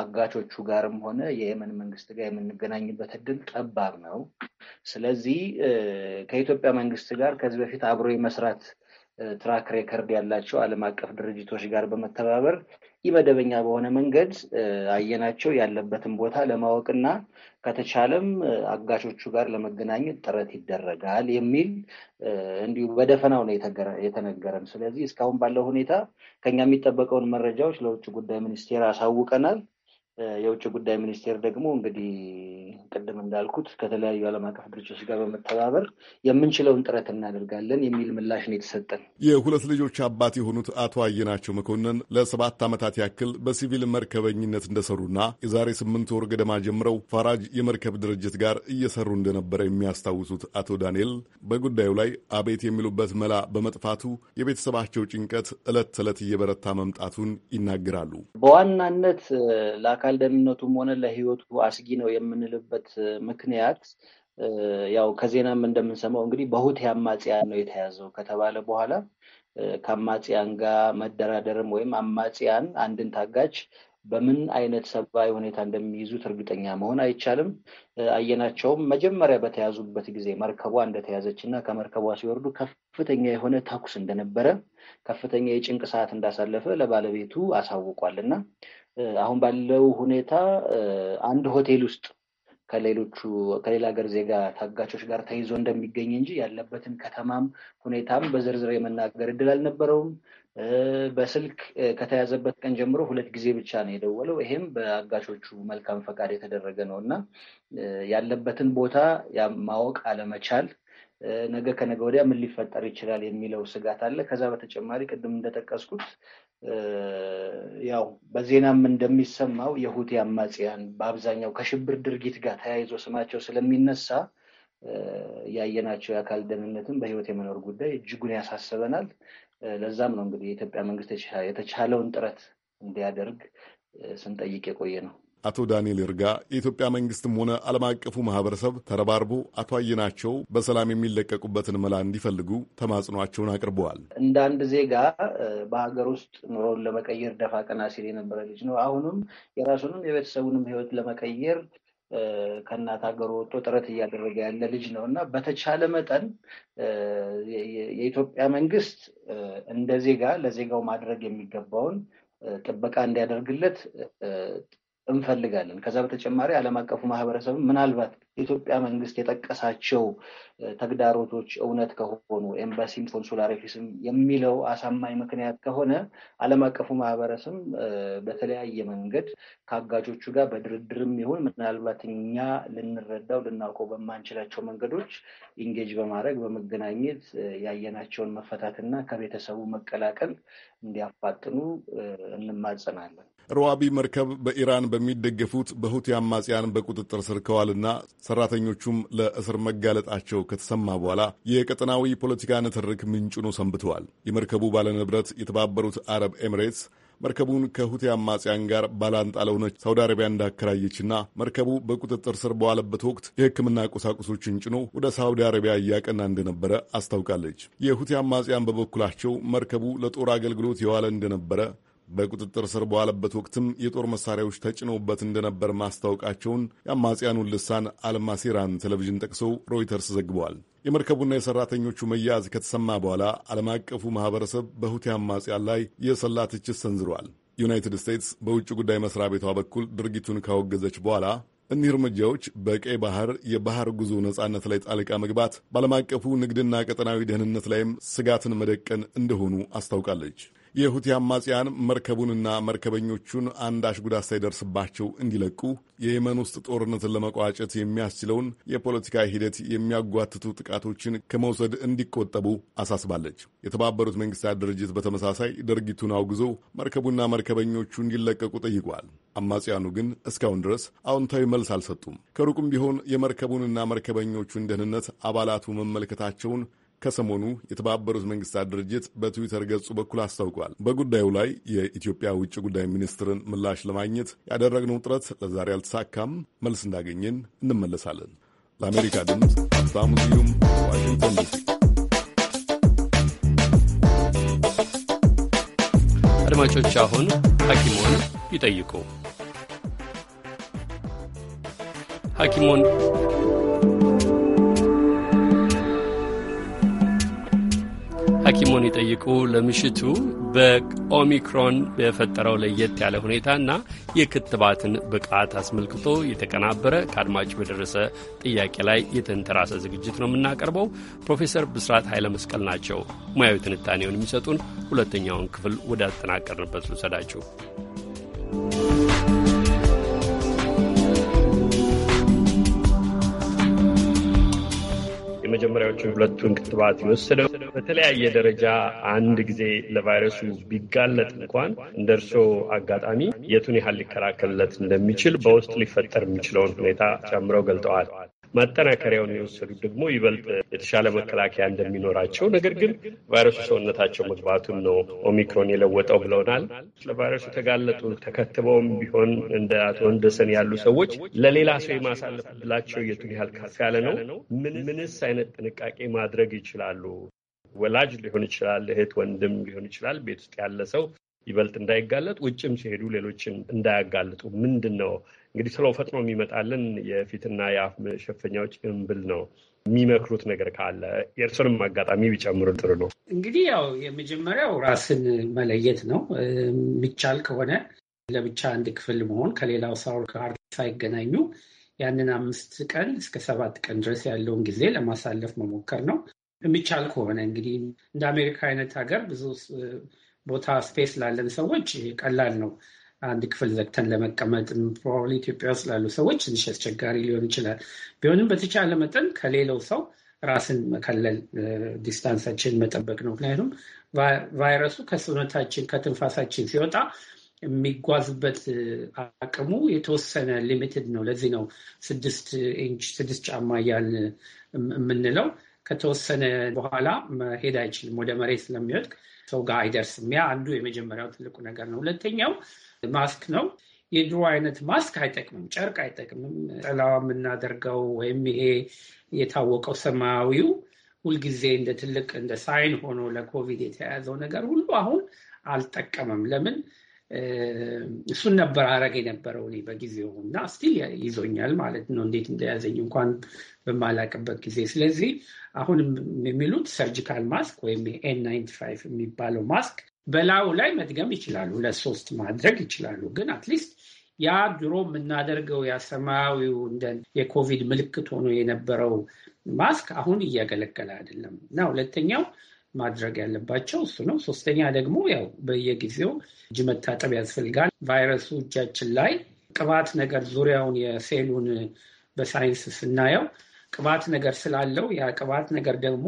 አጋቾቹ ጋርም ሆነ የየመን መንግስት ጋር የምንገናኝበት እድል ጠባብ ነው። ስለዚህ ከኢትዮጵያ መንግስት ጋር ከዚህ በፊት አብሮ የመስራት ትራክ ሬከርድ ያላቸው ዓለም አቀፍ ድርጅቶች ጋር በመተባበር መደበኛ በሆነ መንገድ አየናቸው። ያለበትን ቦታ ለማወቅና ከተቻለም አጋሾቹ ጋር ለመገናኘት ጥረት ይደረጋል የሚል እንዲሁ በደፈናው ነው የተነገረን። ስለዚህ እስካሁን ባለው ሁኔታ ከኛ የሚጠበቀውን መረጃዎች ለውጭ ጉዳይ ሚኒስቴር አሳውቀናል። የውጭ ጉዳይ ሚኒስቴር ደግሞ እንግዲህ ቅድም እንዳልኩት ከተለያዩ ዓለም አቀፍ ድርጅቶች ጋር በመተባበር የምንችለውን ጥረት እናደርጋለን የሚል ምላሽ ነው የተሰጠን። የሁለት ልጆች አባት የሆኑት አቶ አየናቸው መኮንን ለሰባት ዓመታት ያክል በሲቪል መርከበኝነት እንደሰሩና የዛሬ ስምንት ወር ገደማ ጀምረው ፋራጅ የመርከብ ድርጅት ጋር እየሰሩ እንደነበረ የሚያስታውሱት አቶ ዳንኤል በጉዳዩ ላይ አቤት የሚሉበት መላ በመጥፋቱ የቤተሰባቸው ጭንቀት ዕለት ተዕለት እየበረታ መምጣቱን ይናገራሉ። በዋናነት ለአካል ደህንነቱም ሆነ ለህይወቱ አስጊ ነው የምንልበት ምክንያት ያው ከዜናም እንደምንሰማው እንግዲህ በሁቲ አማጽያን ነው የተያዘው ከተባለ በኋላ ከአማጽያን ጋር መደራደርም ወይም አማጽያን አንድን ታጋች በምን አይነት ሰብአዊ ሁኔታ እንደሚይዙት እርግጠኛ መሆን አይቻልም። አየናቸውም መጀመሪያ በተያዙበት ጊዜ መርከቧ እንደተያዘች እና ከመርከቧ ሲወርዱ ከፍተኛ የሆነ ተኩስ እንደነበረ፣ ከፍተኛ የጭንቅ ሰዓት እንዳሳለፈ ለባለቤቱ አሳውቋል እና አሁን ባለው ሁኔታ አንድ ሆቴል ውስጥ ከሌሎቹ ከሌላ ሀገር ዜጋ ታጋቾች ጋር ተይዞ እንደሚገኝ እንጂ ያለበትን ከተማም ሁኔታም በዝርዝር የመናገር እድል አልነበረውም። በስልክ ከተያዘበት ቀን ጀምሮ ሁለት ጊዜ ብቻ ነው የደወለው። ይሄም በአጋቾቹ መልካም ፈቃድ የተደረገ ነው እና ያለበትን ቦታ ማወቅ አለመቻል ነገ ከነገ ወዲያ ምን ሊፈጠር ይችላል የሚለው ስጋት አለ። ከዛ በተጨማሪ ቅድም እንደጠቀስኩት ያው በዜናም እንደሚሰማው የሁቲ አማጽያን በአብዛኛው ከሽብር ድርጊት ጋር ተያይዞ ስማቸው ስለሚነሳ ያየናቸው የአካል ደህንነትን በህይወት የመኖር ጉዳይ እጅጉን ያሳስበናል። ለዛም ነው እንግዲህ የኢትዮጵያ መንግስት የተቻለውን ጥረት እንዲያደርግ ስንጠይቅ የቆየ ነው። አቶ ዳንኤል ይርጋ የኢትዮጵያ መንግስትም ሆነ ዓለም አቀፉ ማህበረሰብ ተረባርቦ አቶ አየናቸው በሰላም የሚለቀቁበትን መላ እንዲፈልጉ ተማጽኗቸውን አቅርበዋል። እንደ አንድ ዜጋ በሀገር ውስጥ ኑሮውን ለመቀየር ደፋ ቀና ሲል የነበረ ልጅ ነው። አሁንም የራሱንም የቤተሰቡንም ህይወት ለመቀየር ከእናት ሀገር ወጥቶ ጥረት እያደረገ ያለ ልጅ ነው እና በተቻለ መጠን የኢትዮጵያ መንግስት እንደ ዜጋ ለዜጋው ማድረግ የሚገባውን ጥበቃ እንዲያደርግለት እንፈልጋለን። ከዛ በተጨማሪ ዓለም አቀፉ ማህበረሰብ ምናልባት የኢትዮጵያ መንግስት የጠቀሳቸው ተግዳሮቶች እውነት ከሆኑ ኤምባሲም ኮንሱላር ኦፊስም የሚለው አሳማኝ ምክንያት ከሆነ ዓለም አቀፉ ማህበረሰብ በተለያየ መንገድ ከአጋጆቹ ጋር በድርድርም ይሁን ምናልባት እኛ ልንረዳው ልናውቀው በማንችላቸው መንገዶች ኢንጌጅ በማድረግ በመገናኘት ያየናቸውን መፈታትና ከቤተሰቡ መቀላቀል እንዲያፋጥኑ እንማጸናለን። ረዋቢ መርከብ በኢራን በሚደገፉት በሁቲ አማጽያን በቁጥጥር ስር ከዋልና ሰራተኞቹም ለእስር መጋለጣቸው ከተሰማ በኋላ የቀጠናዊ ፖለቲካ ንትርክ ምንጭ ሆኖ ሰንብተዋል። የመርከቡ ባለንብረት የተባበሩት አረብ ኤምሬትስ መርከቡን ከሁቲ አማጽያን ጋር ባላንጣ ለሆነች ሳውዲ አረቢያ እንዳከራየችና መርከቡ በቁጥጥር ስር በዋለበት ወቅት የሕክምና ቁሳቁሶችን ጭኖ ወደ ሳውዲ አረቢያ እያቀና እንደነበረ አስታውቃለች። የሁቲ አማጽያን በበኩላቸው መርከቡ ለጦር አገልግሎት የዋለ እንደነበረ በቁጥጥር ስር በዋለበት ወቅትም የጦር መሳሪያዎች ተጭነውበት እንደነበር ማስታወቃቸውን የአማጽያኑን ልሳን አልማሲራን ቴሌቪዥን ጠቅሰው ሮይተርስ ዘግበዋል። የመርከቡና የሰራተኞቹ መያዝ ከተሰማ በኋላ ዓለም አቀፉ ማህበረሰብ በሁቲ አማጽያን ላይ የሰላ ትችት ሰንዝሯል። ዩናይትድ ስቴትስ በውጭ ጉዳይ መስሪያ ቤቷ በኩል ድርጊቱን ካወገዘች በኋላ እኒህ እርምጃዎች በቀይ ባህር የባህር ጉዞ ነጻነት ላይ ጣልቃ መግባት፣ በዓለም አቀፉ ንግድና ቀጠናዊ ደህንነት ላይም ስጋትን መደቀን እንደሆኑ አስታውቃለች። የሁቲ አማጽያን መርከቡንና መርከበኞቹን አንዳች ጉዳት ሳይደርስባቸው እንዲለቁ የየመን ውስጥ ጦርነትን ለመቋጨት የሚያስችለውን የፖለቲካ ሂደት የሚያጓትቱ ጥቃቶችን ከመውሰድ እንዲቆጠቡ አሳስባለች። የተባበሩት መንግስታት ድርጅት በተመሳሳይ ድርጊቱን አውግዞ መርከቡና መርከበኞቹ እንዲለቀቁ ጠይቋል። አማጽያኑ ግን እስካሁን ድረስ አዎንታዊ መልስ አልሰጡም። ከሩቅም ቢሆን የመርከቡንና መርከበኞቹን ደህንነት አባላቱ መመልከታቸውን ከሰሞኑ የተባበሩት መንግስታት ድርጅት በትዊተር ገጹ በኩል አስታውቋል። በጉዳዩ ላይ የኢትዮጵያ ውጭ ጉዳይ ሚኒስትርን ምላሽ ለማግኘት ያደረግነው ጥረት ለዛሬ አልተሳካም። መልስ እንዳገኘን እንመለሳለን። ለአሜሪካ ድምፅ ሙዚዩም ዋሽንግተን ዲሲ። አድማጮች አሁን ሐኪሞን ይጠይቁ ሐኪሞን ሐኪሙን ይጠይቁ ለምሽቱ በኦሚክሮን የፈጠረው ለየት ያለ ሁኔታና የክትባትን ብቃት አስመልክቶ የተቀናበረ ከአድማጭ በደረሰ ጥያቄ ላይ የተንተራሰ ዝግጅት ነው የምናቀርበው። ፕሮፌሰር ብስራት ኃይለ መስቀል ናቸው ሙያዊ ትንታኔውን የሚሰጡን። ሁለተኛውን ክፍል ወደ አጠናቀርንበት ልውሰዳችሁ። የመጀመሪያዎቹን ሁለቱን ክትባት የወሰደው በተለያየ ደረጃ አንድ ጊዜ ለቫይረሱ ቢጋለጥ እንኳን እንደ እርስዎ አጋጣሚ የቱን ያህል ሊከላከልለት እንደሚችል በውስጥ ሊፈጠር የሚችለውን ሁኔታ ጨምረው ገልጠዋል። ማጠናከሪያውን የወሰዱት ደግሞ ይበልጥ የተሻለ መከላከያ እንደሚኖራቸው፣ ነገር ግን ቫይረሱ ሰውነታቸው መግባቱን ነው ኦሚክሮን የለወጠው ብለውናል። ለቫይረሱ ተጋለጡ ተከትበውም ቢሆን እንደ አቶ ወንደሰን ያሉ ሰዎች ለሌላ ሰው የማሳለፍ ዕድላቸው የቱን ያህል ከፍ ያለ ነው? ምን ምንስ አይነት ጥንቃቄ ማድረግ ይችላሉ? ወላጅ ሊሆን ይችላል፣ እህት ወንድም ሊሆን ይችላል። ቤት ውስጥ ያለ ሰው ይበልጥ እንዳይጋለጥ፣ ውጭም ሲሄዱ ሌሎችን እንዳያጋልጡ ምንድን ነው እንግዲህ ስለው ፈጥኖ የሚመጣልን የፊትና የአፍ መሸፈኛዎች እምብል ነው። የሚመክሩት ነገር ካለ የእርሱንም አጋጣሚ ቢጨምሩ ጥሩ ነው። እንግዲህ ያው የመጀመሪያው ራስን መለየት ነው። የሚቻል ከሆነ ለብቻ አንድ ክፍል መሆን ከሌላው ሰው ጋር ሳይገናኙ ያንን አምስት ቀን እስከ ሰባት ቀን ድረስ ያለውን ጊዜ ለማሳለፍ መሞከር ነው። የሚቻል ከሆነ እንግዲህ እንደ አሜሪካ አይነት ሀገር ብዙ ቦታ ስፔስ ላለን ሰዎች ቀላል ነው። አንድ ክፍል ዘግተን ለመቀመጥ ፕሮባብሊ ኢትዮጵያ ውስጥ ላሉ ሰዎች ትንሽ አስቸጋሪ ሊሆን ይችላል። ቢሆንም በተቻለ መጠን ከሌላው ሰው ራስን መከለል፣ ዲስታንሳችን መጠበቅ ነው። ምክንያቱም ቫይረሱ ከሰውነታችን ከትንፋሳችን ሲወጣ የሚጓዝበት አቅሙ የተወሰነ ሊሚትድ ነው። ለዚህ ነው ስድስት ኢንች ስድስት ጫማ እያልን የምንለው ከተወሰነ በኋላ መሄድ አይችልም ወደ መሬት ስለሚወድቅ ሰው ጋር አይደርስም። ያ አንዱ የመጀመሪያው ትልቁ ነገር ነው። ሁለተኛው ማስክ ነው። የድሮ አይነት ማስክ አይጠቅምም፣ ጨርቅ አይጠቅምም። ጠላዋ የምናደርገው ወይም ይሄ የታወቀው ሰማያዊው ሁልጊዜ እንደ ትልቅ እንደ ሳይን ሆኖ ለኮቪድ የተያያዘው ነገር ሁሉ አሁን አልጠቀምም። ለምን እሱን ነበር አረግ የነበረው እኔ በጊዜው እና ስቲል ይዞኛል ማለት ነው። እንዴት እንደያዘኝ እንኳን በማላቅበት ጊዜ። ስለዚህ አሁንም የሚሉት ሰርጂካል ማስክ ወይም ኤን ናይንቲ ፋይቭ የሚባለው ማስክ በላዩ ላይ መድገም ይችላሉ፣ ሁለት ሶስት ማድረግ ይችላሉ። ግን አትሊስት ያ ድሮ የምናደርገው ያ ሰማያዊው እንደ የኮቪድ ምልክት ሆኖ የነበረው ማስክ አሁን እያገለገለ አይደለም እና ሁለተኛው ማድረግ ያለባቸው እሱ ነው። ሶስተኛ ደግሞ ያው በየጊዜው እጅ መታጠብ ያስፈልጋል። ቫይረሱ እጃችን ላይ ቅባት ነገር ዙሪያውን የሴሉን በሳይንስ ስናየው ቅባት ነገር ስላለው ያ ቅባት ነገር ደግሞ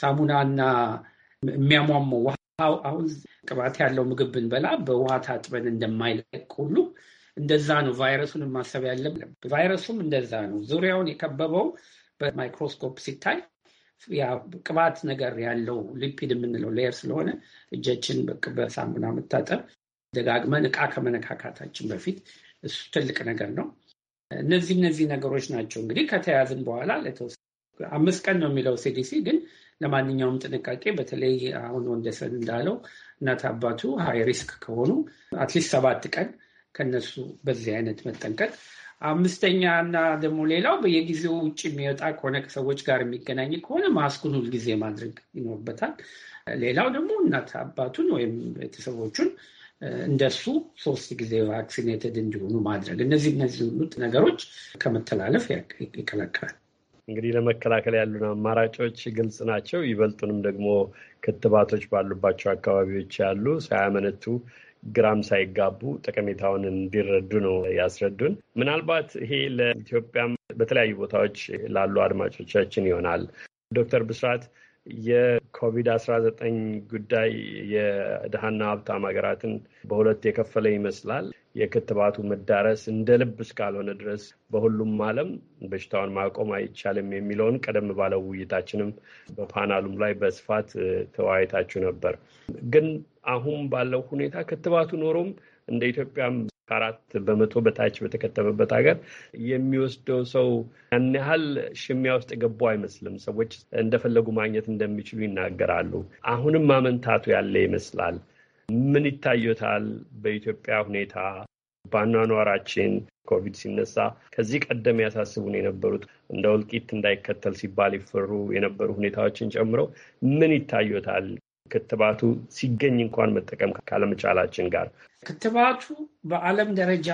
ሳሙናና የሚያሟመው ውሃው አሁን ቅባት ያለው ምግብ ብንበላ በውሃ ታጥበን እንደማይለቅ ሁሉ እንደዛ ነው። ቫይረሱን ማሰብ ያለ ቫይረሱም እንደዛ ነው። ዙሪያውን የከበበው በማይክሮስኮፕ ሲታይ ቅባት ነገር ያለው ሊፒድ የምንለው ሌየር ስለሆነ እጃችን በሳሙና መታጠብ ደጋግመን እቃ ከመነካካታችን በፊት እሱ ትልቅ ነገር ነው። እነዚህ እነዚህ ነገሮች ናቸው እንግዲህ ከተያዝን በኋላ ለተወሰነ አምስት ቀን ነው የሚለው ሲዲሲ ግን ለማንኛውም ጥንቃቄ በተለይ አሁን ወንደሰን እንዳለው እናት አባቱ ሀይ ሪስክ ከሆኑ አትሊስት ሰባት ቀን ከነሱ በዚህ አይነት መጠንቀቅ አምስተኛ እና ደግሞ ሌላው በየጊዜው ውጭ የሚወጣ ከሆነ ከሰዎች ጋር የሚገናኝ ከሆነ ማስኩን ሁልጊዜ ማድረግ ይኖርበታል። ሌላው ደግሞ እናት አባቱን ወይም ቤተሰቦቹን እንደሱ ሶስት ጊዜ ቫክሲኔትድ እንዲሆኑ ማድረግ እነዚህ እነዚህ ሁሉት ነገሮች ከመተላለፍ ይከለከላል። እንግዲህ ለመከላከል ያሉን አማራጮች ግልጽ ናቸው። ይበልጡንም ደግሞ ክትባቶች ባሉባቸው አካባቢዎች ያሉ ሳያመነቱ ግራም ሳይጋቡ ጠቀሜታውን እንዲረዱ ነው ያስረዱን። ምናልባት ይሄ ለኢትዮጵያም በተለያዩ ቦታዎች ላሉ አድማጮቻችን ይሆናል። ዶክተር ብስራት የኮቪድ-19 ጉዳይ የድሃና ሀብታም ሀገራትን በሁለት የከፈለ ይመስላል። የክትባቱ መዳረስ እንደ ልብ እስካልሆነ ድረስ በሁሉም ዓለም በሽታውን ማቆም አይቻልም የሚለውን ቀደም ባለው ውይይታችንም በፓናሉም ላይ በስፋት ተወያይታችሁ ነበር። ግን አሁን ባለው ሁኔታ ክትባቱ ኖሮም እንደ ኢትዮጵያም ከአራት በመቶ በታች በተከተበበት ሀገር የሚወስደው ሰው ያን ያህል ሽሚያ ውስጥ የገቡ አይመስልም። ሰዎች እንደፈለጉ ማግኘት እንደሚችሉ ይናገራሉ። አሁንም አመንታቱ ያለ ይመስላል። ምን ይታዩታል? በኢትዮጵያ ሁኔታ በአኗኗራችን ኮቪድ ሲነሳ ከዚህ ቀደም ያሳስቡን የነበሩት እንደ ውልቂት እንዳይከተል ሲባል ይፈሩ የነበሩ ሁኔታዎችን ጨምረው ምን ይታዩታል? ክትባቱ ሲገኝ እንኳን መጠቀም ካለመቻላችን ጋር ክትባቱ በዓለም ደረጃ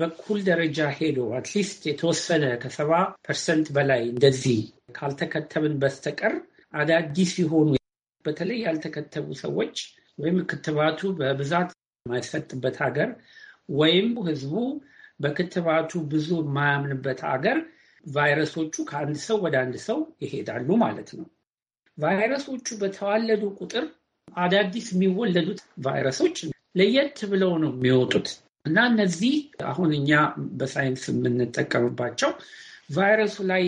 በኩል ደረጃ ሄዶ አትሊስት የተወሰነ ከሰባ ፐርሰንት በላይ እንደዚህ ካልተከተብን በስተቀር አዳዲስ የሆኑ በተለይ ያልተከተቡ ሰዎች ወይም ክትባቱ በብዛት የማይሰጥበት ሀገር ወይም ህዝቡ በክትባቱ ብዙ የማያምንበት ሀገር ቫይረሶቹ ከአንድ ሰው ወደ አንድ ሰው ይሄዳሉ ማለት ነው። ቫይረሶቹ በተዋለዱ ቁጥር አዳዲስ የሚወለዱት ቫይረሶች ለየት ብለው ነው የሚወጡት እና እነዚህ አሁን እኛ በሳይንስ የምንጠቀምባቸው ቫይረሱ ላይ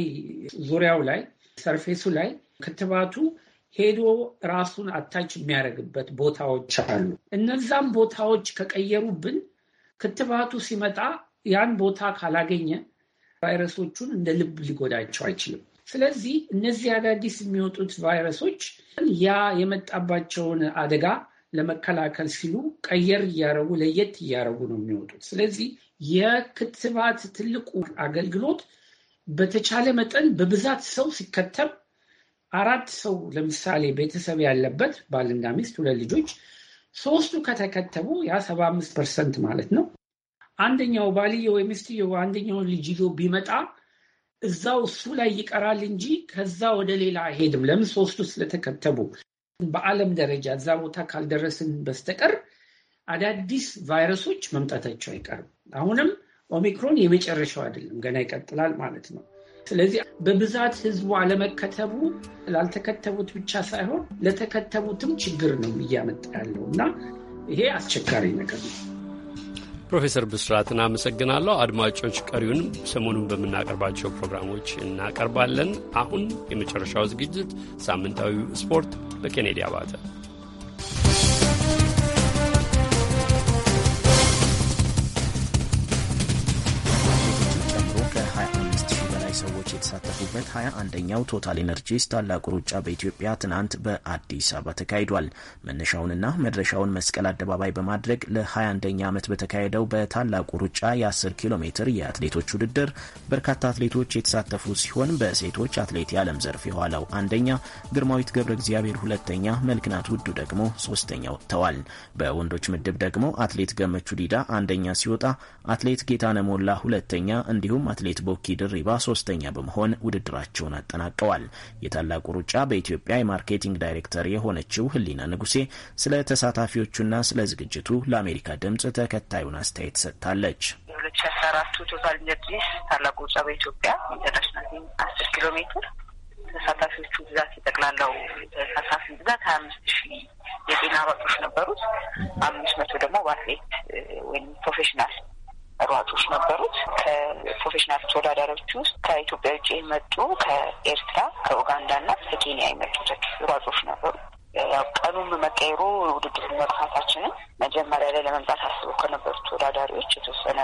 ዙሪያው ላይ ሰርፌሱ ላይ ክትባቱ ሄዶ ራሱን አታች የሚያደርግበት ቦታዎች አሉ። እነዛም ቦታዎች ከቀየሩብን ክትባቱ ሲመጣ ያን ቦታ ካላገኘ ቫይረሶቹን እንደ ልብ ሊጎዳቸው አይችልም። ስለዚህ እነዚህ አዳዲስ የሚወጡት ቫይረሶች ያ የመጣባቸውን አደጋ ለመከላከል ሲሉ ቀየር እያደረጉ ለየት እያደረጉ ነው የሚወጡት። ስለዚህ የክትባት ትልቁ አገልግሎት በተቻለ መጠን በብዛት ሰው ሲከተብ አራት ሰው ለምሳሌ ቤተሰብ ያለበት ባልና ሚስት፣ ሁለት ልጆች፣ ሶስቱ ከተከተቡ ያ ሰባ አምስት ፐርሰንት ማለት ነው። አንደኛው ባልየው ወይ ሚስትየው አንደኛውን ልጅ ይዞ ቢመጣ እዛው እሱ ላይ ይቀራል እንጂ ከዛ ወደ ሌላ አይሄድም። ለምን? ሶስቱ ስለተከተቡ። በዓለም ደረጃ እዛ ቦታ ካልደረስን በስተቀር አዳዲስ ቫይረሶች መምጣታቸው አይቀርም። አሁንም ኦሚክሮን የመጨረሻው አይደለም፣ ገና ይቀጥላል ማለት ነው። ስለዚህ በብዛት ህዝቡ አለመከተቡ ላልተከተቡት ብቻ ሳይሆን ለተከተቡትም ችግር ነው እያመጣ ያለው እና ይሄ አስቸጋሪ ነገር ነው። ፕሮፌሰር ብስራትን አመሰግናለሁ። አድማጮች ቀሪውን ሰሞኑን በምናቀርባቸው ፕሮግራሞች እናቀርባለን። አሁን የመጨረሻው ዝግጅት ሳምንታዊ ስፖርት በኬኔዲ አባተ ተወካዮች የተሳተፉበት ሀያ አንደኛው ቶታል ኤነርጂስ ታላቁ ሩጫ በኢትዮጵያ ትናንት በአዲስ አበባ ተካሂዷል። መነሻውንና መድረሻውን መስቀል አደባባይ በማድረግ ለ 21 ዓመት በተካሄደው በታላቁ ሩጫ የ10 ኪሎ ሜትር የአትሌቶች ውድድር በርካታ አትሌቶች የተሳተፉ ሲሆን በሴቶች አትሌት የዓለም ዘርፍ የኋላው አንደኛ፣ ግርማዊት ገብረ እግዚአብሔር ሁለተኛ፣ መልክናት ውዱ ደግሞ ሶስተኛ ወጥተዋል። በወንዶች ምድብ ደግሞ አትሌት ገመቹ ዲዳ አንደኛ ሲወጣ አትሌት ጌታነ ሞላ ሁለተኛ እንዲሁም አትሌት ቦኪ ድሪባ ሶስተኛ በ በመሆን ውድድራቸውን አጠናቀዋል። የታላቁ ሩጫ በኢትዮጵያ የማርኬቲንግ ዳይሬክተር የሆነችው ህሊና ንጉሴ ስለ ተሳታፊዎቹና ስለ ዝግጅቱ ለአሜሪካ ድምጽ ተከታዩን አስተያየት ሰጥታለች። የሁለት ሺ አስራ አራቱ ቶታል ኢነርጂስ ታላቁ ሩጫ በኢትዮጵያ ኢንተርናሽናል አስር ኪሎ ሜትር ተሳታፊዎቹ ብዛት የጠቅላላው ተሳታፊ ብዛት ሀያ አምስት ሺ የጤና ሯጮች ነበሩት። አምስት መቶ ደግሞ በአትሌት ወይም ፕሮፌሽናል ሯጮች ነበሩት። ከፕሮፌሽናል ተወዳዳሪዎች ውስጥ ከኢትዮጵያ ውጭ የመጡ ከኤርትራ፣ ከኡጋንዳና ከኬንያ የመጡ ሯጮች ነበሩ። ያው ቀኑም መቀየሩ ውድድር መጥፋታችንን መጀመሪያ ላይ ለመምጣት አስበው ከነበሩት ተወዳዳሪዎች የተወሰነ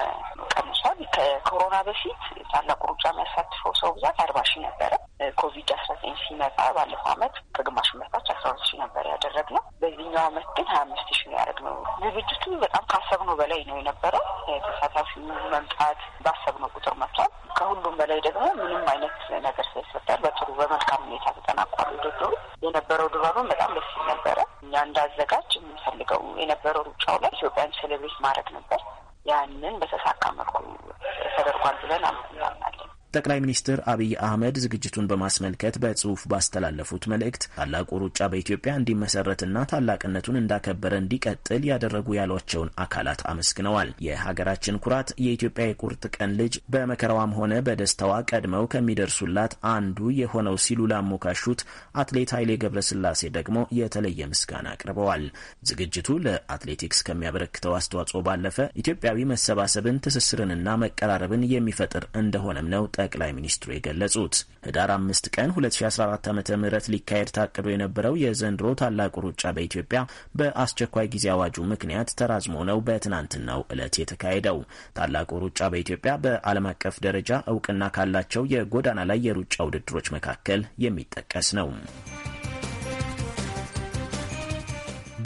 ቀንሷል። ከኮሮና በፊት ታላቁ ሩጫ የሚያሳትፈው ሰው ብዛት አርባ ሺህ ነበረ። ኮቪድ አስራ ዘጠኝ ሲመጣ ባለፈው አመት ከግማሽ መጣች አስራ ሁለት ሺህ ነበረ ያደረግነው። በዚህኛው አመት ግን ሀያ አምስት ሺህ ነው ያደረግነው። ዝግጅቱ በጣም ካሰብነው በላይ ነው የነበረው። ተሳታፊው መምጣት ባሰብነው ቁጥር መጥቷል። ከሁሉም በላይ ደግሞ ምንም አይነት ነገር ሳይፈጠር በጥሩ በመልካም ሁኔታ ተጠናቋል። ውድድሩ የነበረው ድባብም በጣም ደስ ነበረ። እኛ እንዳዘጋጅ የምንፈልገው የነበረው ሩጫው ላይ ኢትዮጵያን ሴሌብሬት ማድረግ ነበር። ያንን በተሳካ መልኩ ተደርጓል ብለን እናምናለን። ጠቅላይ ሚኒስትር አብይ አህመድ ዝግጅቱን በማስመልከት በጽሁፍ ባስተላለፉት መልእክት ታላቁ ሩጫ በኢትዮጵያ እንዲመሰረትና ታላቅነቱን እንዳከበረ እንዲቀጥል ያደረጉ ያሏቸውን አካላት አመስግነዋል። የሀገራችን ኩራት የኢትዮጵያ የቁርጥ ቀን ልጅ በመከራዋም ሆነ በደስታዋ ቀድመው ከሚደርሱላት አንዱ የሆነው ሲሉ ላሞካሹት አትሌት ኃይሌ ገብረስላሴ ደግሞ የተለየ ምስጋና አቅርበዋል። ዝግጅቱ ለአትሌቲክስ ከሚያበረክተው አስተዋጽኦ ባለፈ ኢትዮጵያዊ መሰባሰብን፣ ትስስርንና መቀራረብን የሚፈጥር እንደሆነም ነው ጠቅላይ ሚኒስትሩ የገለጹት። ህዳር አምስት ቀን 2014 ዓ ም ሊካሄድ ታቅዶ የነበረው የዘንድሮ ታላቁ ሩጫ በኢትዮጵያ በአስቸኳይ ጊዜ አዋጁ ምክንያት ተራዝሞ ነው በትናንትናው ዕለት የተካሄደው። ታላቁ ሩጫ በኢትዮጵያ በዓለም አቀፍ ደረጃ እውቅና ካላቸው የጎዳና ላይ የሩጫ ውድድሮች መካከል የሚጠቀስ ነው።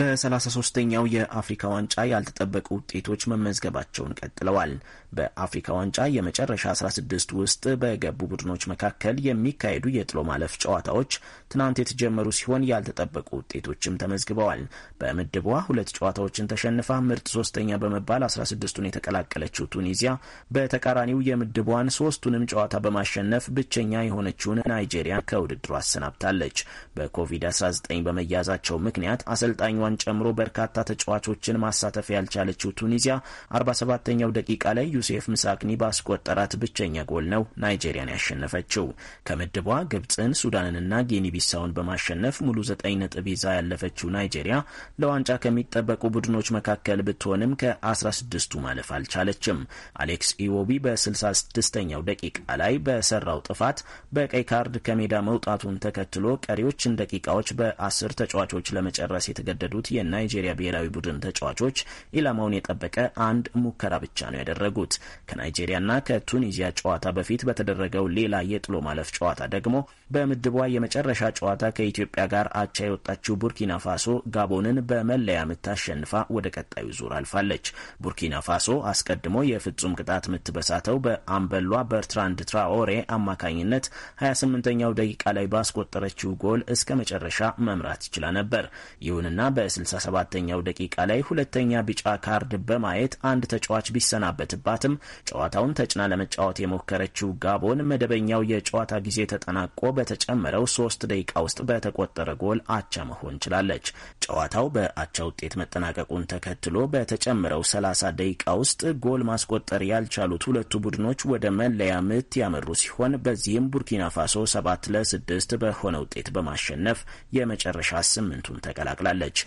በ33ኛው የአፍሪካ ዋንጫ ያልተጠበቁ ውጤቶች መመዝገባቸውን ቀጥለዋል። በአፍሪካ ዋንጫ የመጨረሻ 16 ውስጥ በገቡ ቡድኖች መካከል የሚካሄዱ የጥሎ ማለፍ ጨዋታዎች ትናንት የተጀመሩ ሲሆን ያልተጠበቁ ውጤቶችም ተመዝግበዋል። በምድቧ ሁለት ጨዋታዎችን ተሸንፋ ምርጥ ሶስተኛ በመባል 16ቱን የተቀላቀለችው ቱኒዚያ በተቃራኒው የምድቧን ሶስቱንም ጨዋታ በማሸነፍ ብቸኛ የሆነችውን ናይጄሪያ ከውድድሩ አሰናብታለች። በኮቪድ-19 በመያዛቸው ምክንያት አሰልጣኟን ዳዳኦን ጨምሮ በርካታ ተጫዋቾችን ማሳተፍ ያልቻለችው ቱኒዚያ 47ኛው ደቂቃ ላይ ዩሴፍ ምሳቅኒ ባስቆጠራት ብቸኛ ጎል ነው ናይጄሪያን ያሸነፈችው። ከምድቧ ግብፅን፣ ሱዳንንና ጊኒ ቢሳውን በማሸነፍ ሙሉ ዘጠኝ ነጥብ ይዛ ያለፈችው ናይጄሪያ ለዋንጫ ከሚጠበቁ ቡድኖች መካከል ብትሆንም ከ16ቱ ማለፍ አልቻለችም። አሌክስ ኢዎቢ በ66ኛው ደቂቃ ላይ በሰራው ጥፋት በቀይ ካርድ ከሜዳ መውጣቱን ተከትሎ ቀሪዎችን ደቂቃዎች በአስር ተጫዋቾች ለመጨረስ የተገደደ የሰደዱት የናይጄሪያ ብሔራዊ ቡድን ተጫዋቾች ኢላማውን የጠበቀ አንድ ሙከራ ብቻ ነው ያደረጉት። ከናይጄሪያና ከቱኒዚያ ጨዋታ በፊት በተደረገው ሌላ የጥሎ ማለፍ ጨዋታ ደግሞ በምድቧ የመጨረሻ ጨዋታ ከኢትዮጵያ ጋር አቻ የወጣችው ቡርኪና ፋሶ ጋቦንን በመለያ ምት አሸንፋ ወደ ቀጣዩ ዙር አልፋለች። ቡርኪና ፋሶ አስቀድሞ የፍጹም ቅጣት ምት በሳተው በአምበሏ በርትራንድ ትራኦሬ አማካኝነት 28ኛው ደቂቃ ላይ ባስቆጠረችው ጎል እስከ መጨረሻ መምራት ይችላ ነበር። ይሁንና በ67ኛው ደቂቃ ላይ ሁለተኛ ቢጫ ካርድ በማየት አንድ ተጫዋች ቢሰናበትባትም ጨዋታውን ተጭና ለመጫወት የሞከረችው ጋቦን መደበኛው የጨዋታ ጊዜ ተጠናቆ በተጨመረው ሶስት ደቂቃ ውስጥ በተቆጠረ ጎል አቻ መሆን ችላለች። ጨዋታው በአቻ ውጤት መጠናቀቁን ተከትሎ በተጨመረው 30 ደቂቃ ውስጥ ጎል ማስቆጠር ያልቻሉት ሁለቱ ቡድኖች ወደ መለያ ምት ያመሩ ሲሆን በዚህም ቡርኪና ፋሶ 7 ለ6 በሆነ ውጤት በማሸነፍ የመጨረሻ ስምንቱን ተቀላቅላለች።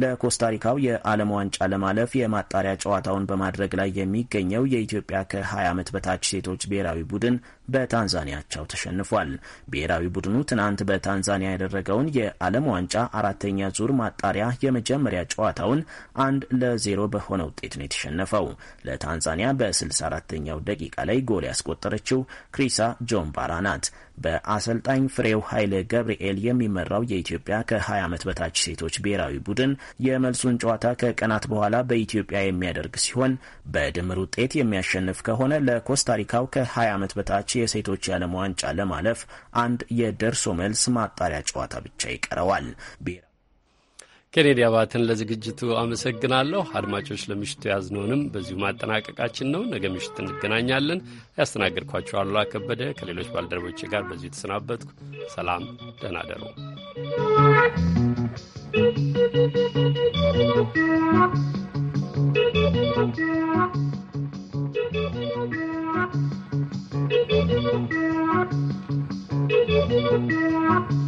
ለኮስታሪካው የዓለም ዋንጫ ለማለፍ የማጣሪያ ጨዋታውን በማድረግ ላይ የሚገኘው የኢትዮጵያ ከ20 ዓመት በታች ሴቶች ብሔራዊ ቡድን በታንዛኒያቸው ተሸንፏል። ብሔራዊ ቡድኑ ትናንት በታንዛኒያ ያደረገውን የዓለም ዋንጫ አራተኛ ዙር ማጣሪያ የመጀመሪያ ጨዋታውን አንድ ለዜሮ በሆነ ውጤት ነው የተሸነፈው። ለታንዛኒያ በ64ኛው ደቂቃ ላይ ጎል ያስቆጠረችው ክሪሳ ጆምባራ ናት። በአሰልጣኝ ፍሬው ኃይለ ገብርኤል የሚመራው የኢትዮጵያ ከ20 ዓመት በታች ሴቶች ብሔራዊ ቡድን የመልሱን ጨዋታ ከቀናት በኋላ በኢትዮጵያ የሚያደርግ ሲሆን በድምር ውጤት የሚያሸንፍ ከሆነ ለኮስታሪካው ከ20 ዓመት በታች የሴቶች የዓለም ዋንጫ ለማለፍ አንድ የደርሶ መልስ ማጣሪያ ጨዋታ ብቻ ይቀረዋል። ኬኔዲ አባትን ለዝግጅቱ አመሰግናለሁ። አድማጮች ለምሽቱ ያዝነውንም በዚሁ ማጠናቀቃችን ነው። ነገ ምሽት እንገናኛለን። ያስተናገድኳቸው አሉላ ከበደ ከሌሎች ባልደረቦቼ ጋር በዚሁ የተሰናበትኩ። ሰላም፣ ደህና ደሩ። Thank you.